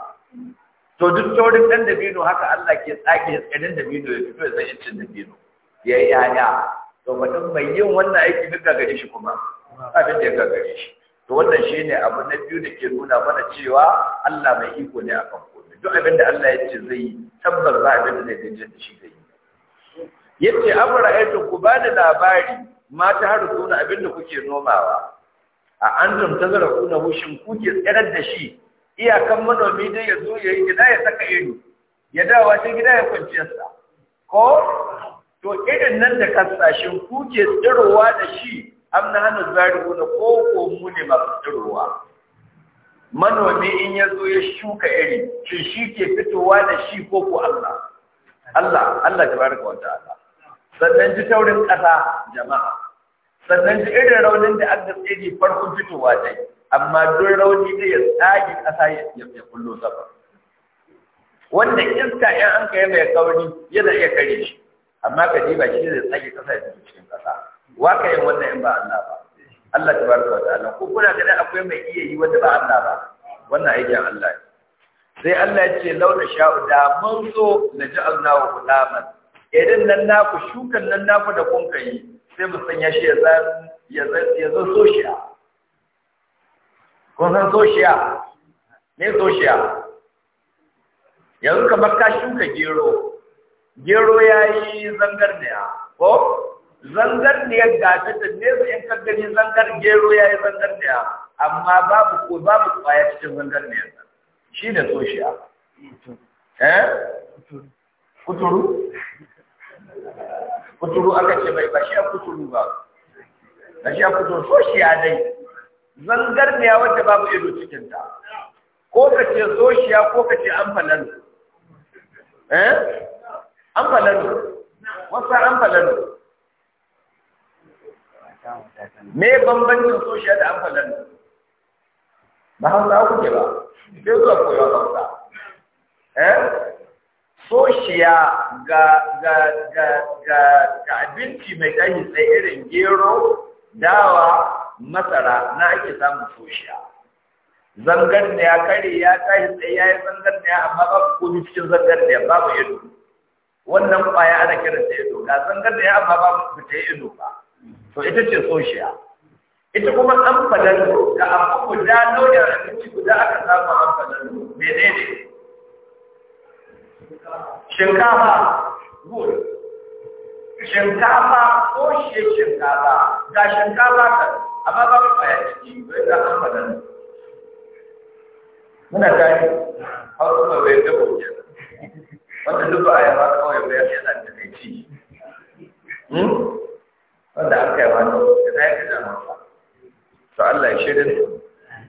to duk taurin dan dabino haka Allah ke tsage tsirin dabino ya fito ya san da dabino ya yi yaya to mutum mai yin wannan aiki duk gare shi kuma abin da ya gagare shi to wannan shine abu na biyu da ke nuna mana cewa Allah mai iko ne kan komai duk abin da Allah ya ce zai yi tabbas za abin da zai dace da shi zai yace abra aitu ku bani labari ma ta harsuna abinda kuke nomawa a antum na hushin kuke tsirar da shi iyakan manomi dai ya zo ya yi gida ya saka ido ya dawa ta gida ya sa ko to irin nan da kasashen kuke tsirowa da shi amna hannu zarihu na koko mu ne masu tsirowa manomi in ya zo ya shuka iri shi shi ke fitowa da shi ko ko Allah Allah Allah tabaraka wa ta'ala sannan ji taurin ƙasa jama'a sannan ji irin raunin da aka tsaye farkon fitowa dai amma duk rauni ne ya tsage ƙasa ya kullo sama wanda iska in an kai mai kauri yana iya kare shi amma ka ba shi zai tsage ƙasa ya fito cikin ƙasa wa ka yin wannan in ba Allah ba Allah tabaraka wa ta'ala ko kuna ganin akwai mai iya yi wanda ba Allah ba wannan aikin Allah ne sai Allah ya ce launa sha'u da mun so na ja'alna wa gulaman irin nan naku shukan nan naku da kun kai sai mu sanya shi ya zo soshiya kun san soshiya ne soshiya yanzu kamar ka shuka gero gero ya yi zangarniya ko zangarniya ga ta da nesa in ka gani zangar gero ya yi zangarniya amma babu ko babu kwaya cikin zangarniya shi da soshiya eh kuturu kuturu aka ce bai ba shi a kuturu ba ba shi a kuturu so shi ya dai zangar zangarniya wadda babu ido cikinta ko ka ce so shi ya ko ka ce an falalu eh an falalu wasu an falalu me bambancin so shi da an falalu ba hausa kuke ba sai zuwa koyon hausa eh soshiya ga abinci mai ɗanyi sai irin gero dawa masara na ake samun soshiya zangar da ya kare ya tashi sai ya yi zangar da ya amma babu komi cikin zangar da ya babu ido wannan kwaya ana kiran da ido ga zangar da ya amma babu fita ido ba to ita ce soshiya ita kuma an fadar da amma da nau'in abinci guda aka samu an ne menene shinkafa good shinkafa ko shi shinkafa ga shinkafa kan amma ba mu faya ciki bai ga an faɗa muna gani har kuma bai da bauta wanda duk ba a yi ba kawai bai yana da kai ci hmm? wanda aka yi wani da ta yi da masa to Allah ya shirya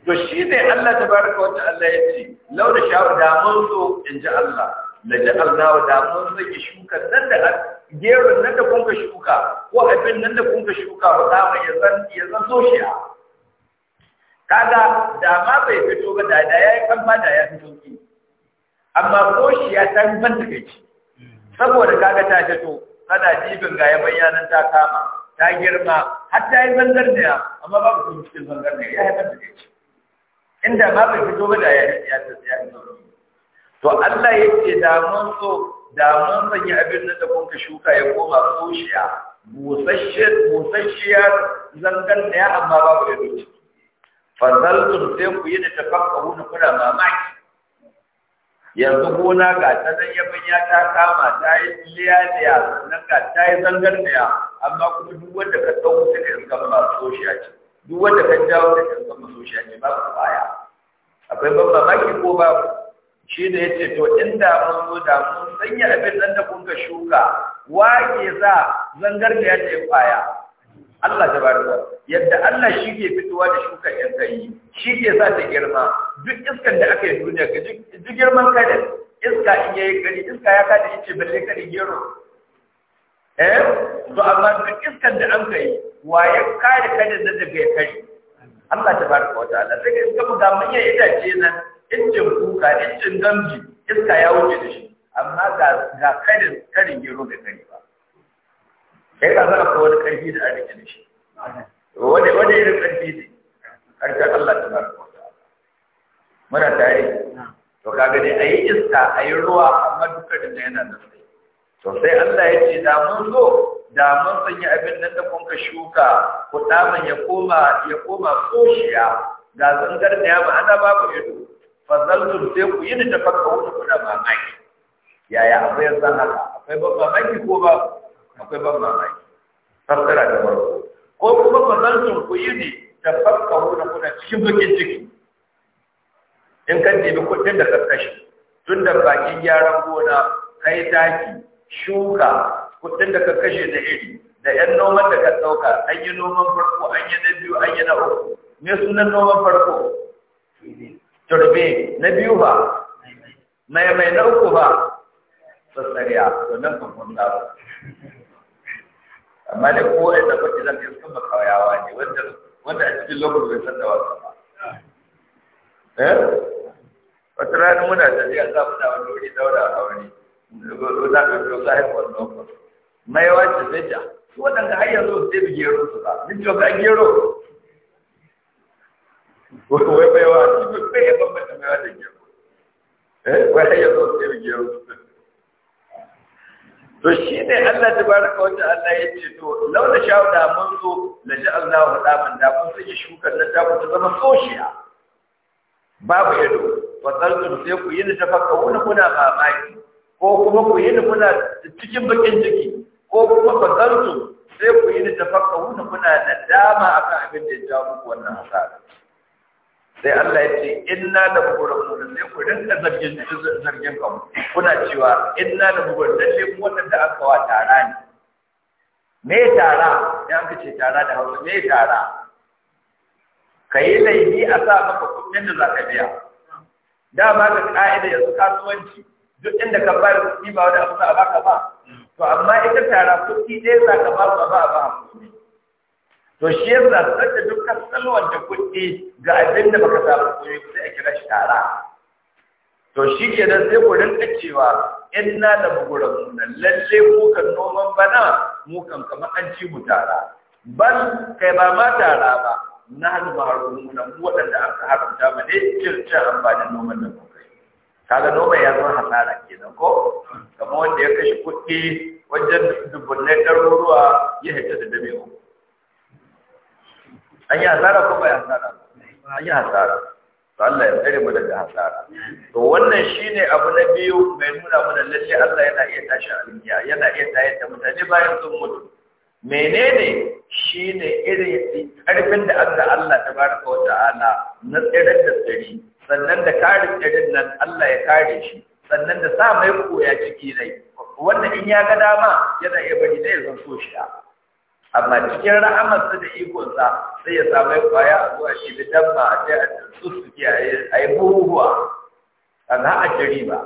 to shi ne Allah tabaraka wa ta'ala ya ce lau da da mun so in ji Allah la na wa damuwa zai saki shuka nan da gero nan da kun ka shuka ko abin nan da kun ka shuka ba za mai zan ya zan soshiya kaga da ma bai fito ba da ya yi kan ma da ya fito ki amma soshiya ta ban da kai saboda kaga ta fito tana jibin ga ya nan ta kama ta girma har ta yi zangarniya amma babu sun cikin zangarniya ya haifar da kai inda ma bai fito ba da ya yi ya ta ya yi to Allah ya ce da mun so da mun sanya abin da kuka shuka ya koma soshiya busasshiyar zangan da ya amma babu ido ciki fazaltum sai ku yi da tafakkahu na kuna mamaki yanzu gona ga ta nan ya ta kama ta yi liyaliya sannan ga ta yi zangar daya amma kuma duk wanda ka tsawo sai ka iska ma soshiya ce duk wanda ka jawo sai ka iska ma soshiya ce ba ku baya akwai ban mamaki ko ku. shi da ce to inda mun zo da mun sanya abin nan da kun ka shuka wake za zangarniya ya ce kwaya Allah ta bari yadda Allah shi ke fitowa da shuka yan kai shi ke sa ta girma duk iskan da aka yi duniya ka duk girman da iska in yayi gari iska ya kada yace balle kada gero eh to amma duk iskan da an kai waye kare kada da daga kai Allah ta bari wa ta'ala sai ga buga mun yayi ce nan injin kuka injin gamji iska ya wuce da shi amma ga karin kadin gero bai kai ba sai ka zaka ko wani karfi da arziki da shi wani wani irin karfi ne ta Allah ta bar ko ta'ala muna tare to kaga dai ayi iska ayi ruwa amma dukkanin da yana da sai to sai Allah ya ce da mun zo da mun sanya abin nan da kun ka shuka ku mun ya koma ya koma koshiya ga zangar da ya ba ana babu ido fazaltum sai ku yi da wani kuna mamaki yaya akwai yanzu haka akwai ban mamaki ko ba akwai ban mamaki fassara da farko ko kuma fazaltum ku yi da farko wani kuna cikin bakin ciki in kan nemi kuɗin da ka kashe tun da bakin gyaran gona kai taki shuka kuɗin da ka kashe da iri da ‘yan noman da ka ɗauka an yi noman farko an yi na biyu an yi na uku me sunan noman farko turbe na biyu ba mai mai na uku ba sassariya to nan kan kun ba amma dai ko ai da kuɗi zan yi sun makawayawa ne wanda a cikin lokacin bai san da wasu ba eh wata ranar muna tafiya za mu da wani wuri daura a wani za ka fito sahin wannan mai wace sai ta waɗanda har yanzu su sai bi gero su ba. Min ce gero wai baiwa shi bai ya bambanta baiwa da gero eh wai ya zo sai gero to shi ne Allah ta ka wata Allah ya ce to launa sha da mun zo da ji Allah wa da mun sun mun sanya shukar nan ta ta zama soshiya babu ido wa kalkun sai ku yi ta tafakka wani kuna mamaki ko kuma ku yi kuna cikin bakin jiki, ko kuma ku sai ku yi ta tafakka wani kuna dama akan abin da ya jawo muku wannan hasara sai Allah ya ce inna da mubarak mu sai ku rinka zargin zargin kan kuna cewa inna da da lalle mu wanda aka wa tara ne me tara ya aka ce tara da Hausa me tara kai laifi a sa maka kuɗin da zaka biya Da dama ka ka'ida yanzu kasuwanci duk inda ka bayar kuɗi ba wani abu za a baka ba to amma ita tara kuɗi ɗaya za ka ba ba ba ba to shi yasa sanda dukkan da kuɗi ga abin da baka samu koyi sai a kira shi tara to shi ke kenan sai ku rinka cewa in na da buguran nan lalle mu kan noman bana mu kan kama an ci mu tara Ban kai ba ma tara ba na hannu ba haru mu nan waɗanda aka haramta mu ne cin amfanin noman nan kaga noman ya zama hasara kenan ko kamar wanda ya kashe kuɗi wajen dubbunai ɗaruruwa ya hita da dabe'u an yi hasara ko bai hasara an yi hasara to Allah ya tsare mu daga hasara to wannan shine abu na biyu mai nuna mana lalle Allah yana iya tashi almiya yana iya tayar da mutane bayan sun mutu menene shine irin karfin da Allah Allah tabaraka wa ta'ala na tsirar da tsari sannan da kare tsirin nan Allah ya kare shi sannan da sa mai koya ciki rai wannan in ya ga dama yana iya bari zai zan so shi amma cikin su da ikonsa sai ya samu kwaya a zuwa shi da damma a sai a suke a yi buhuhuwa a na a jiri ba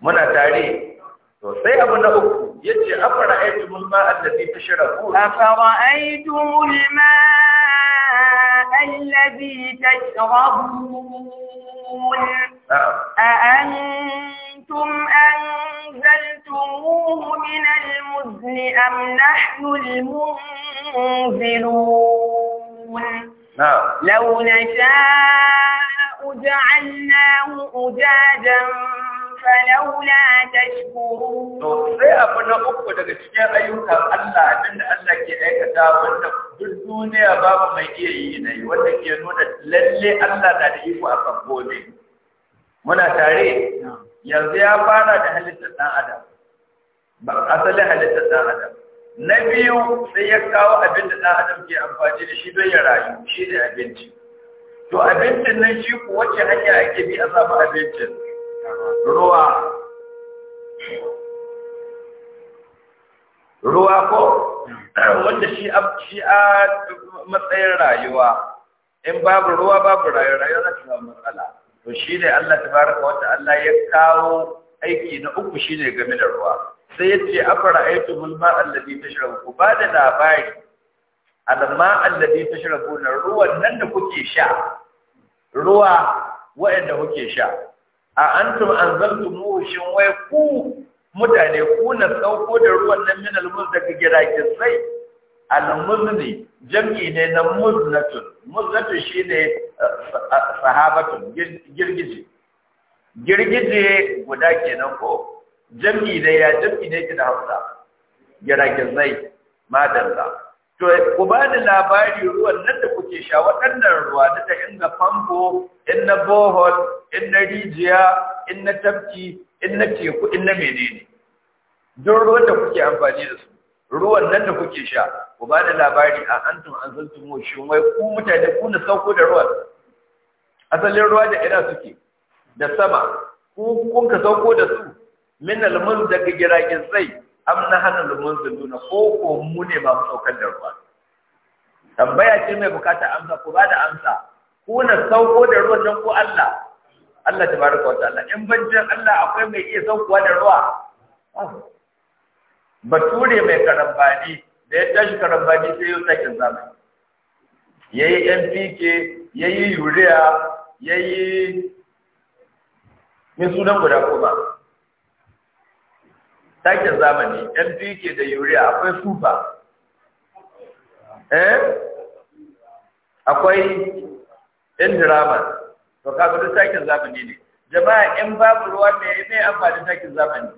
muna tare to sai abu na uku ya ce a fara aiki mulma allazi ta shira ku a fara aiki ma allabi ta shira ku a antum an أنزلتموه من المزن أم نحن المنزلون نعم لو نشاء جعلناه أجاجا falaula tashkurun to sai abu na uku daga cikin ayyukan Allah abinda Allah ke aikata wanda duk duniya babu mai iya yi ne wanda ke nuna lalle Allah na da iko akan gobe muna tare yanzu ya fara da halittar ɗan adam ba asalin halittar ɗan adam na biyu sai ya kawo abin da ɗan adam ke amfani da shi don ya rayu shi ne abinci to abincin nan shi ku wacce hanya ake bi a samu abincin ruwa ruwa ko wanda shi a matsayin rayuwa in babu ruwa babu rayuwa rayuwa za ta samu matsala to shi ne Allah tabaraka wa Allah ya kawo aiki na uku shi ne game da ruwa sai ya ce afara aitu mulma allazi tashrabu ku ba da labari alma allazi tashrabu na ruwan nan da kuke sha ruwa waɗanda kuke sha a antum anzaltumuhu shin wai ku mutane ku na sauko da ruwan nan min almuz daga gidaje sai al-muzni jam'i ne na muznatun muznatun ne eh, sahabatun girgije girgije guda kenan ko jam'i ne ya jam'i ne da Hausa zai madalla to ku ba da labari ruwan nan da kuke sha waɗannan ruwa da in na fambo, in na bohol in na rijiya in na tafki in na teku in na menene don ruwan da kuke amfani da su ruwan nan da kuke sha ku ba da labari a antum anzaltum mu shin wai ku mutane ku na sauko da ruwan asalin ruwa da ina suke da sama ku kun ka sauko da su min almul daga jiragen sai am na hanal munziluna ko ko mu ne ba mu saukar da ruwa tambaya ce mai bukata amsa ku ba da amsa ku na sauko da ruwan nan ko Allah Allah tabaraka ta'ala in banjin Allah akwai mai iya saukowa da ruwa bature mai karambani da ya tashi karambani sai yau sake zamani ya yi npk ya yi urea ya yi min sunan guda kuma takin zamani npk da urea akwai super eh akwai indrama to kaga duk takin zamani ne jama'a in babu ruwa ne ya yi mai amfani takin zamani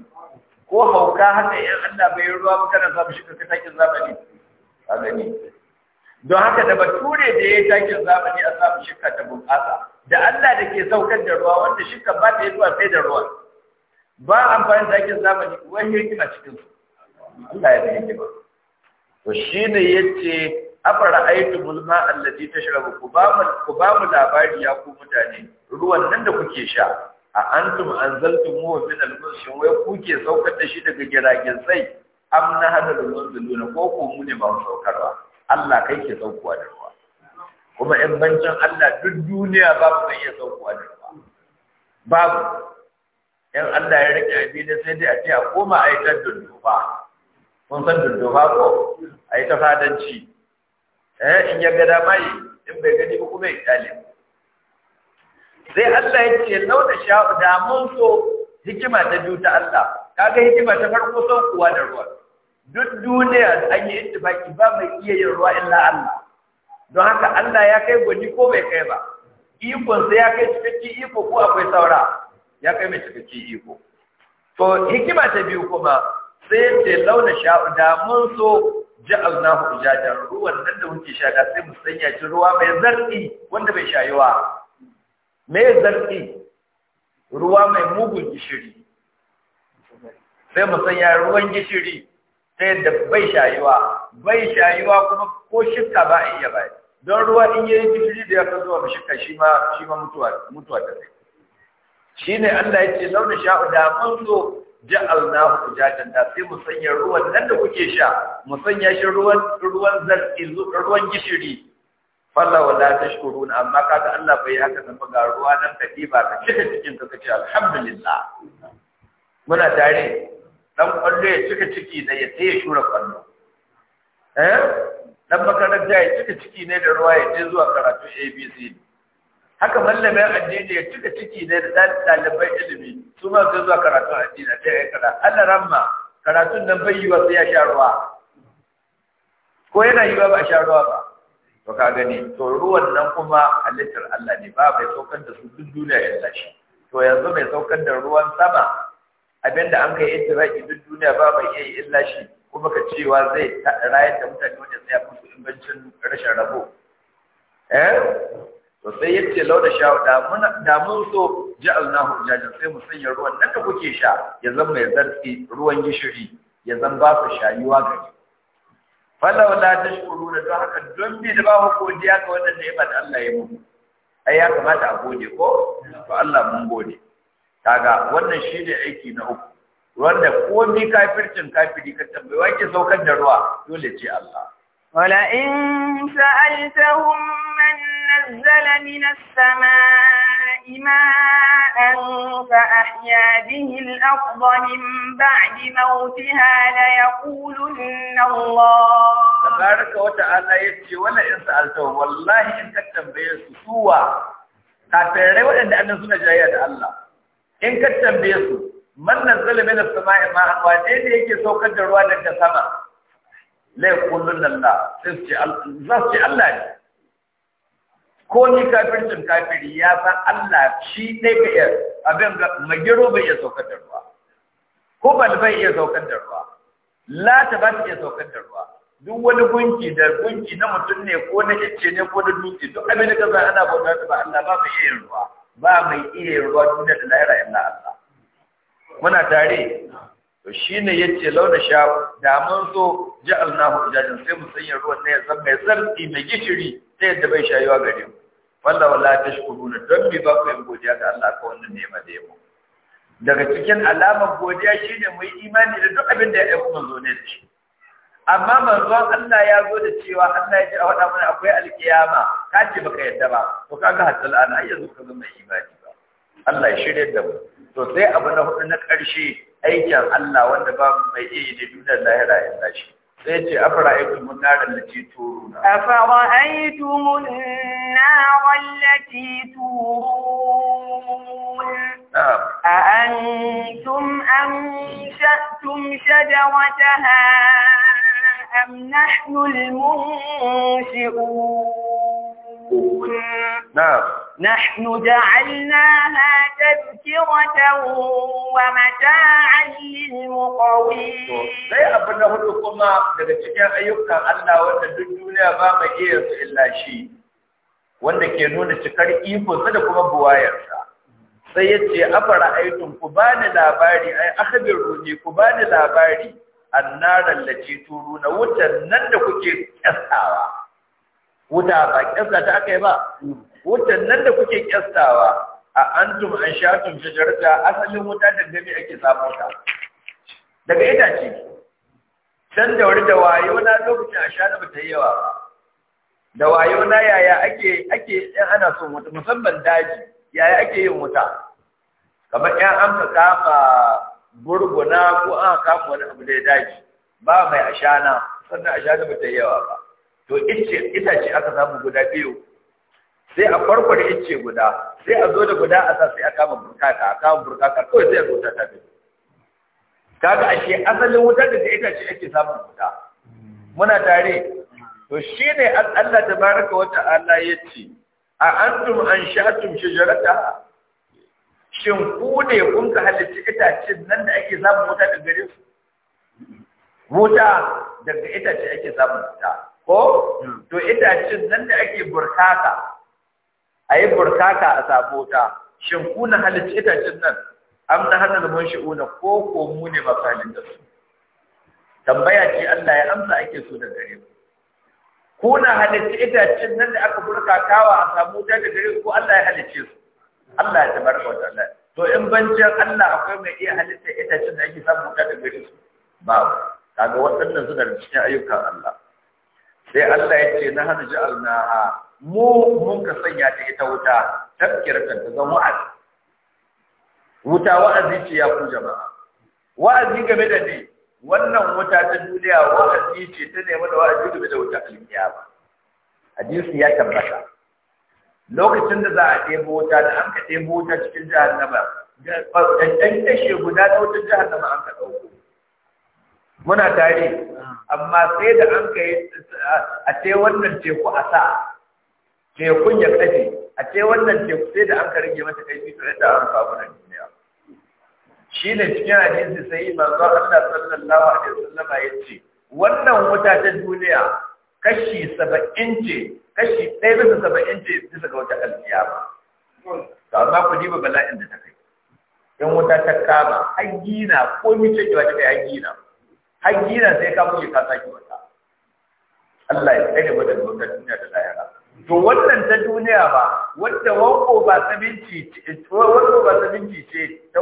ko hauka haka yan Allah bai ruwa ba kana samu shi ka takin zamani a gani don haka da bature da ya takin zamani a samun shi ta bunƙasa da Allah da ke saukar da ruwa wanda shi ka ba da ya zuwa sai da ruwa ba amfani da takin zamani wani hikima cikin su Allah ya yi ba. to shine yace afara aitu mulma allazi tashrabu ku ba ku ba mu labari ya ku mutane ruwan nan da kuke sha a antum anzaltumuhu min al-munshin wai kuke saukar da shi daga giragen sai am na hadal munziluna ko ko mu ne ba mu saukarwa Allah kai ke saukuwa da ruwa kuma in bancin Allah duk duniya ba mu iya saukuwa da ruwa babu in Allah ya rike abin sai dai a ce a koma a yi ta dunduba kun san dunduba ko a yi ta fadanci eh in ya ga dama yi in bai gani ba kuma ya kyale sai Allah ya ce launa sha'u da mun so hikima ta biyu ta Allah kaga hikima ta farko kuwa da ruwa duk duniya an yi ittifaki ba mai iya yin ruwa illa Allah don haka Allah ya kai gwani ko bai kai ba ikon sai ya kai cikakken iko ko akwai saura ya kai mai cikakken iko to hikima ta biyu kuma sai ya ce launa sha'u da mun so alnahu ujajan ruwan nan da wuce shada da sai mu sanya ruwa mai zarti wanda bai shayuwa me zarfi ruwa mai mugun gishiri sai mu sanya ruwan gishiri ta yadda bai shayuwa bai shayuwa kuma ko shirka ba a iya bai don ruwa in yi gishiri da ya fi zuwa mu shi shi ma mutuwa ta zai shi ne Allah ya ce launa sha'u da mun zo ja'alna hujatan da sai mu sanya ruwan nan da kuke sha mu sanya shi ruwan ruwan ruwan gishiri falla wala tashkurun amma kaga Allah bai haka nan ga ruwa nan ka diba ka cika cikin ka kace alhamdulillah muna tare dan kwallo ya cika ciki da ya tsaye shura kwallo eh dan makaranta ya cika ciki ne da ruwa ya je zuwa karatu ABC haka mallamin addini ya cika ciki ne da dalibai ilimi su ma sai zuwa karatu addini sai ya kada Allah ramma karatun nan bai yi wa sai ya sha ruwa ko yana yi ba ba sha ruwa ba to ka gani to ruwan nan kuma halittar Allah ne ba mai saukar da su duk duniya ya tashi to yanzu mai saukar da ruwan sama abinda an kai itiraki duk duniya ba mai iya yi illa shi kuma ka cewa zai rayar da mutane wanda sai ya musu ingancin rashin rabo eh to sai yace lauda shawo da mun da mun so ja'alnahu jajan sai mu sanya ruwan nan da kuke sha ya zama mai zarfi ruwan gishiri ya zama ba su shayuwa gari falau la tashkuru da don haka don bi da ba godiya ga wannan ni'ima da Allah ya muku ai ya kamata a gode ko to Allah mun gode kaga wannan shine aiki na uku wanda ko ni kafircin kafiri ka tambaye wake saukar da ruwa dole ce Allah wala in sa'altahum man nazzala minas samaa الماء ماء فأحيا به الأرض من بعد موتها ليقولن الله تبارك وتعالى يتي ولا إن سألته والله إن كتنبيه سوى كافرين وإن أن سنة جاية الله إن كتنبيه سوى من نزل من السماء ماء وإن يكي سوكت روانا كسما ليقولن الله سيسجي الله سيسجي الله ko ni kafircin kafiri ya san Allah shi ɗai ka iya abin ga magiro bai iya saukar da ruwa kubal bai iya saukar da ruwa lata ba ta iya saukar da ruwa duk wani gunki da gunki na mutum ne ko na ice ne ko na dutse duk abin da ka san ana bauta ba Allah ba mai iya ruwa ba mai iya ruwa duniya da lahira na Allah muna tare to shine yace launa sha da mun so ja'alnahu ujajan sai mu sanya ruwan ne ya zama mai sarki mai gishiri sai da bai shayuwa gare mu walla walla tashkuruna don bi ba ku yin godiya ga Allah ka wannan nema da yamma daga cikin alamar godiya shine mu yi imani da duk abin da ya aiko zo ne da shi amma manzon Allah ya zo da cewa Allah ya ce a wada mana akwai alkiyama ka ce baka yadda ba to kaga hatta ana ai yanzu ka zama imani ba Allah ya shirye da mu to sai abu na hudu na karshe aikin Allah wanda ba mai iya yi da duniyar lahira ya tashi sai ce afara'aytum an-nar allati turuna a an-nar allati turun أأنتم أنشأتم شجرتها أم نحن المنشئون نعم نحن جعلناها ومتاعا للمقوين sai abin na hudu kuma daga cikin ayyukan Allah wanda duk duniya ba mai iya su illa shi wanda ke nuna cikar ikonsa da kuma buwayarsa sai ya ce afara aitun ku bani labari ai akhbir runi ku bani labari annaran lati turu na wutan nan da kuke kasawa wuta ba kyasta ta aka yi ba wutan nan da kuke kyastawa a antum an shatum shajarta asalin wuta da gami ake samu ta daga itace can da wuri da wayo na lokacin a sha ba ta yawa da wayo na yaya ake ake yan ana son wuta musamman daji yaya ake yin wuta kamar 'yan an ka burguna ko an kafa wani abu da ya daji ba mai ashana sannan a ashana ba ta yawa ba to itace aka samu guda biyu sai a farfare ice guda sai a zo da guda a sa sai a kama burkaka a kama burkaka kawai sai a zo ta tafi kaga ce asalin wutar da itace ake samun wuta muna tare to shine Allah ta wata Allah ya ce. a antum an shi shajarata shin ku ne kun ka halitta itacen nan da ake samun wuta daga gare su wuta daga itace ake samun wuta ko to itacen nan da ake burkaka a yi burkaka a sabota shin ku na halicci itacen nan am na hannun mun shi'una ko ko mu ne masu da su tambaya ce Allah ya amsa ake so da gare ku ku na halicci itacen nan da aka burkakawa a sabota da gare ku Allah ya halicce su Allah ya tabaraka wa ta'ala to in bancin Allah akwai mai iya halitta itacen da ake samu da gare su babu kaga waɗannan suna da cikin ayyukan Allah sai Allah ya ce na hana ha mu mun ka sanya ta ita wuta kan ta zama wa'azi wuta wa'azi ce ya ku jama'a wa'azi game da ne wannan wuta ta duniya wa'azi ce ta nema da wa'azi game da wuta ba. hadisi ya tabbata lokacin da za a ɗebo wuta da an ka ɗebo wuta cikin jihar nama da ɗanɗan kashe guda na wutar nama an ka ɗauko muna tare amma sai da an kai a ce wannan teku a sa tekun ya kashe a ce wannan teku sai da an ka rage mata kai fito yadda an samu na duniya shi ne cikin hadisi sai manzo Allah sallallahu alaihi wasallama ya ce wannan wuta ta duniya kashi 70 ce kashi ɗaya bisa saba'in ce bisa ga wata ba to amma ku diba bala'in da ta kai in wuta ta kama har gina ko mice ki wata kai har gina har gina sai ka buge ka saki wata Allah ya tsare da ta duniya da lahira to wannan ta duniya ba wanda wanko ba sabinci wanko ba sabinci ce ta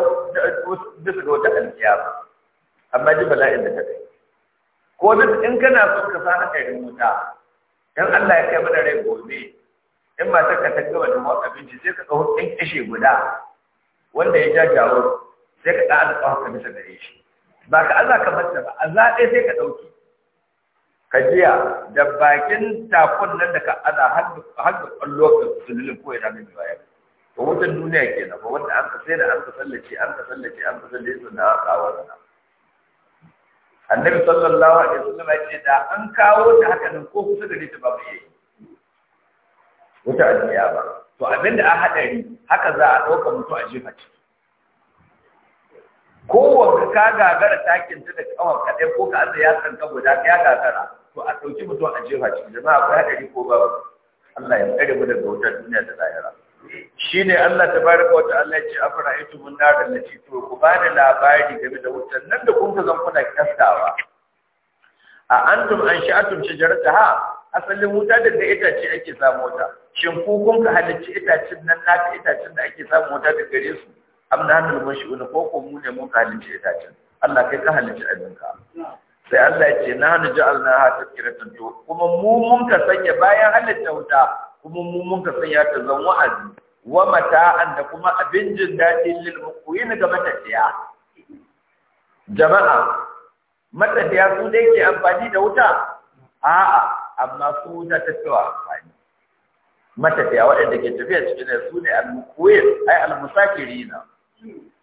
bisa ga wata ba amma ji bala'in da ta kai ko duk in kana so ka sa haka yin wuta in Allah ya kai mana rai gobe in ma ka ta gaba da wata binci sai ka kawo ɗan kashe guda wanda ya ja jawo sai ka ɗan alƙawar ka bisa gare shi ba ka aza ka mata ba a zaɗe sai ka ɗauki ka jiya da bakin takon nan da ka aza har da ƙwallo ka tsululin ko yana mai baya to wutan duniya ke nan ba wanda an ka sai da an ka sallace an ka sallace an ka sallace sun da kawo awa sana annabi sallallahu alaihi wasallam ya ce da an kawo ta haka nan ko kusa gare ta ba mu yi wuta a duniya ba to abinda a haɗari haka za a ɗauka mutu a jefa ciki kowanne ka gagara takin ta da kawai kaɗai ko ka aza ya san ka guda ya gagara to a ɗauki mutum a jefa cikin jama'a akwai ɗari ko ba Allah ya tsare mu daga wutar duniya da lahira shine Allah tabaraka wa ta'ala ya ce afara'aytum da nar ci to ku ba da labari game da wutar nan da kun ka zan kuna kastawa a antum an sha'atum ha! asalin wuta da ita ce ake samu wuta shin ku kun ka halicci itacen nan na itacen da ake samu wuta da gare su am na hannun mun shi ko ko mu ne mun halince itacen Allah kai ka halince ka. sai Allah ya ce na hannu ja'alna ha tazkiratan to kuma mu mun ka sanya bayan halitta wuta kuma mu mun ka sanya ta zan wa'azi wa mata'an da kuma abin jin daɗi lil muqwin ga matafiya jama'a matafiya su dai ke amfani da wuta a'a amma su wuta ta fi amfani matafiya waɗanda ke tafiya cikin su ne al-muqwin ai al-musafirina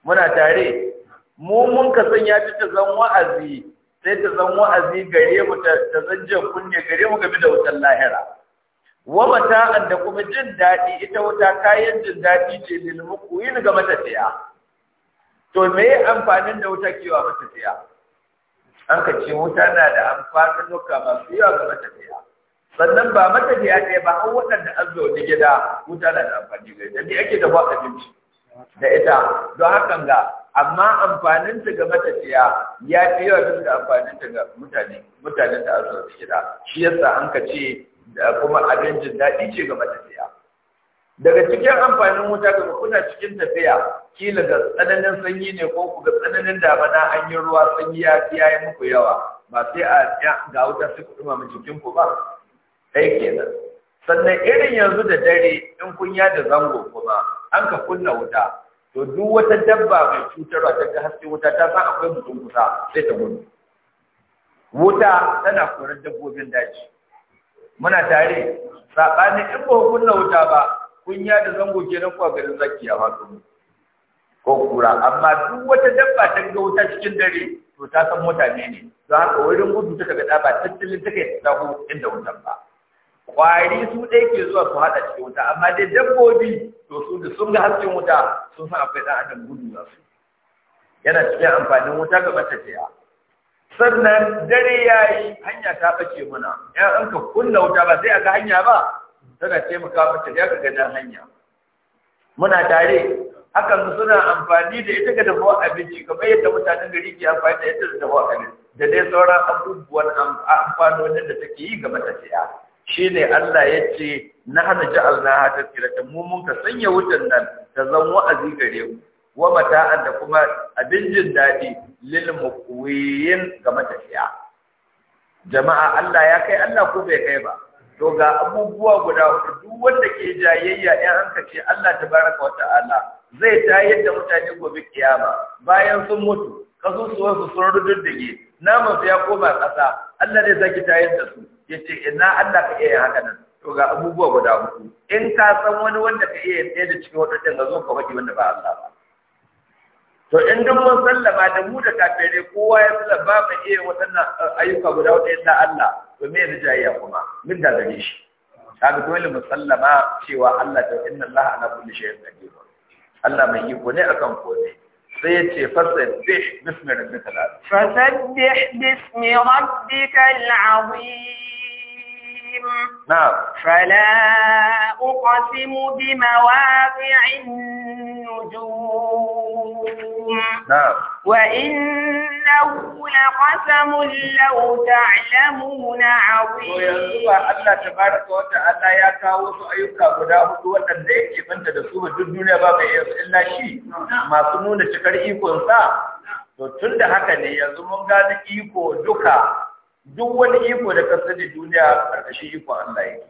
muna tare mu mun ka sanya ta ta zan wa'azi sai ta zan wa'azi gare mu ta zan jan kunne gare mu gabi da wutar lahira wa mata'an da kuma jin daɗi ita wuta kayan jin daɗi ce lil muqwin ga matafiya to me amfanin da wuta kewa matafiya an ka ce wuta na da amfanin nuka masu yawa ga matafiya sannan ba matafiya ne ba an waɗanda an zaune gida wuta na da amfani gari da ake da ba abinci da ita don hakan ga amma amfaninta ga matafiya ya fi yawa duk da amfaninta ga mutane mutanen da aka gida shi yasa an ka ce kuma abin jin daɗi ce ga matafiya daga cikin amfanin wuta ga kuna cikin tafiya kila ga tsananin sanyi ne ko ku ga tsananin damana an yi ruwa sanyi ya fi yayi muku yawa ba sai a ga wuta sai ku mu cikin ku ba kenan sannan irin yanzu da dare in kun da zango kuma an ka kunna wuta to duk wata dabba mai cutarwa ta ga haske wuta ta san akwai mutum kusa sai ta gudu wuta tana korar dabbobin daji muna tare saɓanin in ba kunna wuta ba kun da zango kenan kuwa garin zaki a fasu ko kura amma duk wata dabba ta ga wuta cikin dare to ta san mutane ne don haka wurin gudu ta ga ɗaba tattalin ta take ta inda wutan ba kwari su ɗaya ke zuwa su haɗa cikin wuta amma dai dabbobi to su da sun ga hasken wuta sun san akwai ɗan adam gudu na su yana cikin amfanin wuta ga matafiya sannan dare ya yi hanya ta ɓace mana ya an ka kunna wuta ba sai a ga hanya ba tana taimaka mata ya ka ganin hanya muna tare hakan suna amfani da ita ga dafa abinci kamar yadda mutanen gari ke amfani da ita da dafa abinci da dai sauran abubuwan amfanonin da take yi ga matafiya Shi ne Allah ya ce, na nahnu ja'alnaha tazkiratan ta mun ka sanya wutan nan ta zan wa'azi gare mu wa mata'an da kuma abin jin daɗi lil muqwiyin ga matafiya jama'a Allah ya kai Allah ko bai kai ba to ga abubuwa guda hudu duk wanda ke jayayya ɗan an kace Allah tabaraka wa ta'ala zai tayar da mutane gobe kiyama bayan sun mutu su wasu sun rududdige naman su ya koma ƙasa Allah zai zaki tayar da su yace ina Allah ka iya haka nan to ga abubuwa guda uku in ka san wani wanda ka iya tsaye da cikin wata ga zo ka baki wanda ba Allah ba to in duk mun sallama da mu da kafirai kowa ya san ba iya waɗannan eh, ayyuka guda waɗannan na Allah to me ne jayya kuma min da gare shi kaga dole mu sallama cewa Allah to inna Allah ana kulli shay'in qadir Allah mai iko ne akan kowa زيتي فصل بح باسم ربك العظيم فسبح باسم ربك العظيم الرجيم نعم فلا أقسم بمواقع النجوم نعم وإنه لقسم لو تعلمون عظيم الله تبارك وتعالى يا كاوس أيوكا غدا هدو وأن يجب تدسوه الدنيا بابا إلا شيء ما سنون تكريكم سا to tun da haka ne yanzu mun gane iko duka duk wani iko da ka sani duniya a ƙarƙashin iko Allah yake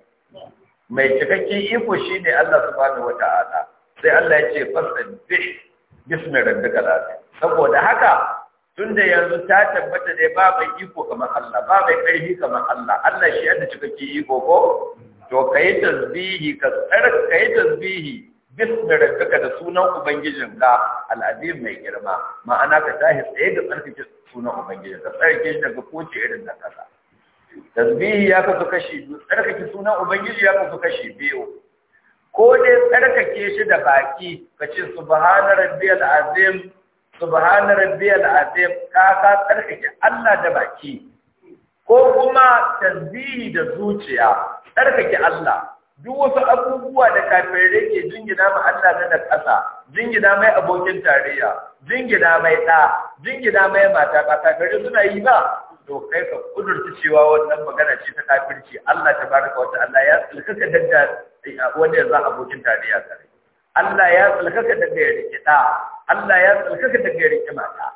mai cikakken iko ne Allah su wata ala, sai Allah ya ce fasabbih bismi rabbikal azim saboda haka tunda yanzu ta tabbata dai ba mai iko kamar Allah ba mai ƙarfi kamar Allah Allah shi yadda cikakken iko ko to kai tasbihi ka tsar tasbihi bisa suka da sunan ubangijinka al'adir mai girma ma'ana ka tashi tsaye da tsarkake sunan Ubangijin, ka tsarkake shi daga koce irin na kasa tasbihi ya kasu kashi biyu tsarkake sunan ubangiji ya kasu kashi biyu ko dai tsarkake shi da baki ka ce subhana rabbiyal azim subhana rabbiyal azim ka ka tsarkake Allah da baki ko kuma tasbihi da zuciya tsarkake Allah duk wasu abubuwa da kafirai ke jingina ma Allah na da ƙasa jingina mai abokin tarayya jingina mai ɗa jingina mai mata ba kafirai suna yi ba to kai ka kudurci cewa wannan magana ce ta kafirci Allah ta baraka wata Allah ya tsulkaka daga eh, wanda ya za abokin tarayya tare Allah ya tsulkaka daga ya rike ɗa Allah ya tsulkaka daga ya rike mata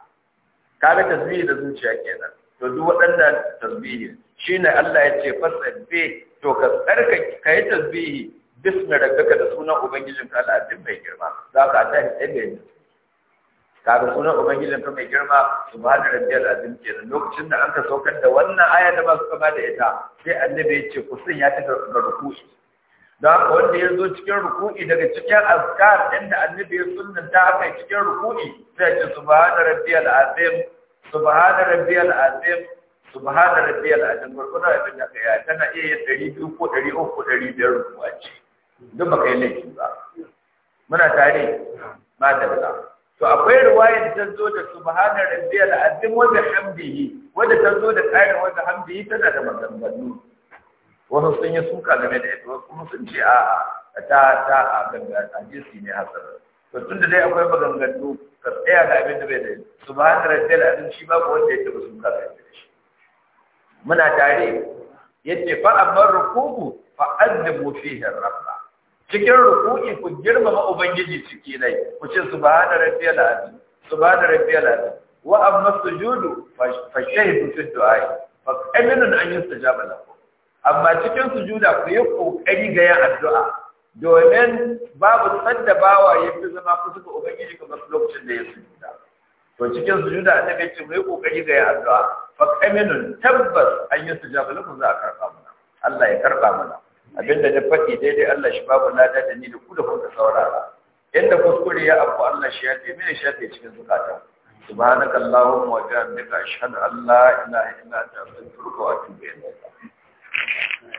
ga tasbihi da zuciya kenan to duk waɗannan tasbihi shine Allah ya ce fasabbi to ka tsarka ka yi tasbihi bismi rabbika da sunan ubangijin ka al'adin mai girma za ka ta yi tsaye ka ga sunan ubangijin ka mai girma subhana rabbiyal azim nan. lokacin da an ka saukar da wannan aya da ba su kama da ita sai annabi ya ce kusin ya ta ga ruku'i don haka wanda ya zo cikin ruku'i daga cikin azkar inda da annabi ya ta haka cikin ruku'i sai ya ce subhana rabbiyal azim subhana rabbiyal azim subhana rabbiyal azim gurgurda abin da kai tana iya yin ɗari biyu ko ɗari uku ɗari biyar ruwa ce duk baka yi laifi ba muna tare ma da to akwai ruwayar da zo da subhana rabbiyal azim wa bihamdihi wanda ta zo da tsarin wanda hamdihi tana da maganganu wasu sun yi suka game da ita kuma sun ce a ta ta a ganga a jinsi ne hasarar to tun da dai akwai maganganu ka tsaya ga abin da bai da subhana rabbiyal azim shi babu wanda ya taba suka game da shi muna tare yace fa amman ruku'u fa azimu fihi rabba cikin ruku'i ku girmama ubangiji ciki nai ku ce subhana rabbiyal azim subhana rabbiyal azim wa amma sujudu fa shahidu fi du'a fa qaminun an yustajaba lahu amma cikin sujuda ku yi kokari ga yin addu'a domin babu sanda bawa yafi zama kusa ga ubangiji kamar lokacin da ya sujuda to cikin sujuda annabi ya ce mai kokari ga addu'a fa kamin tabbas an yi sujaba lakum za ka mana Allah ya karba mana abinda na faɗi daidai Allah shi babu lada da ni da ku da kuka saurara yadda kuskure ya abu Allah shi ya ce mene shi ce cikin zukata subhanakallahu wa bihamdika ashhadu an la ilaha illa anta astaghfiruka wa atubu ilayk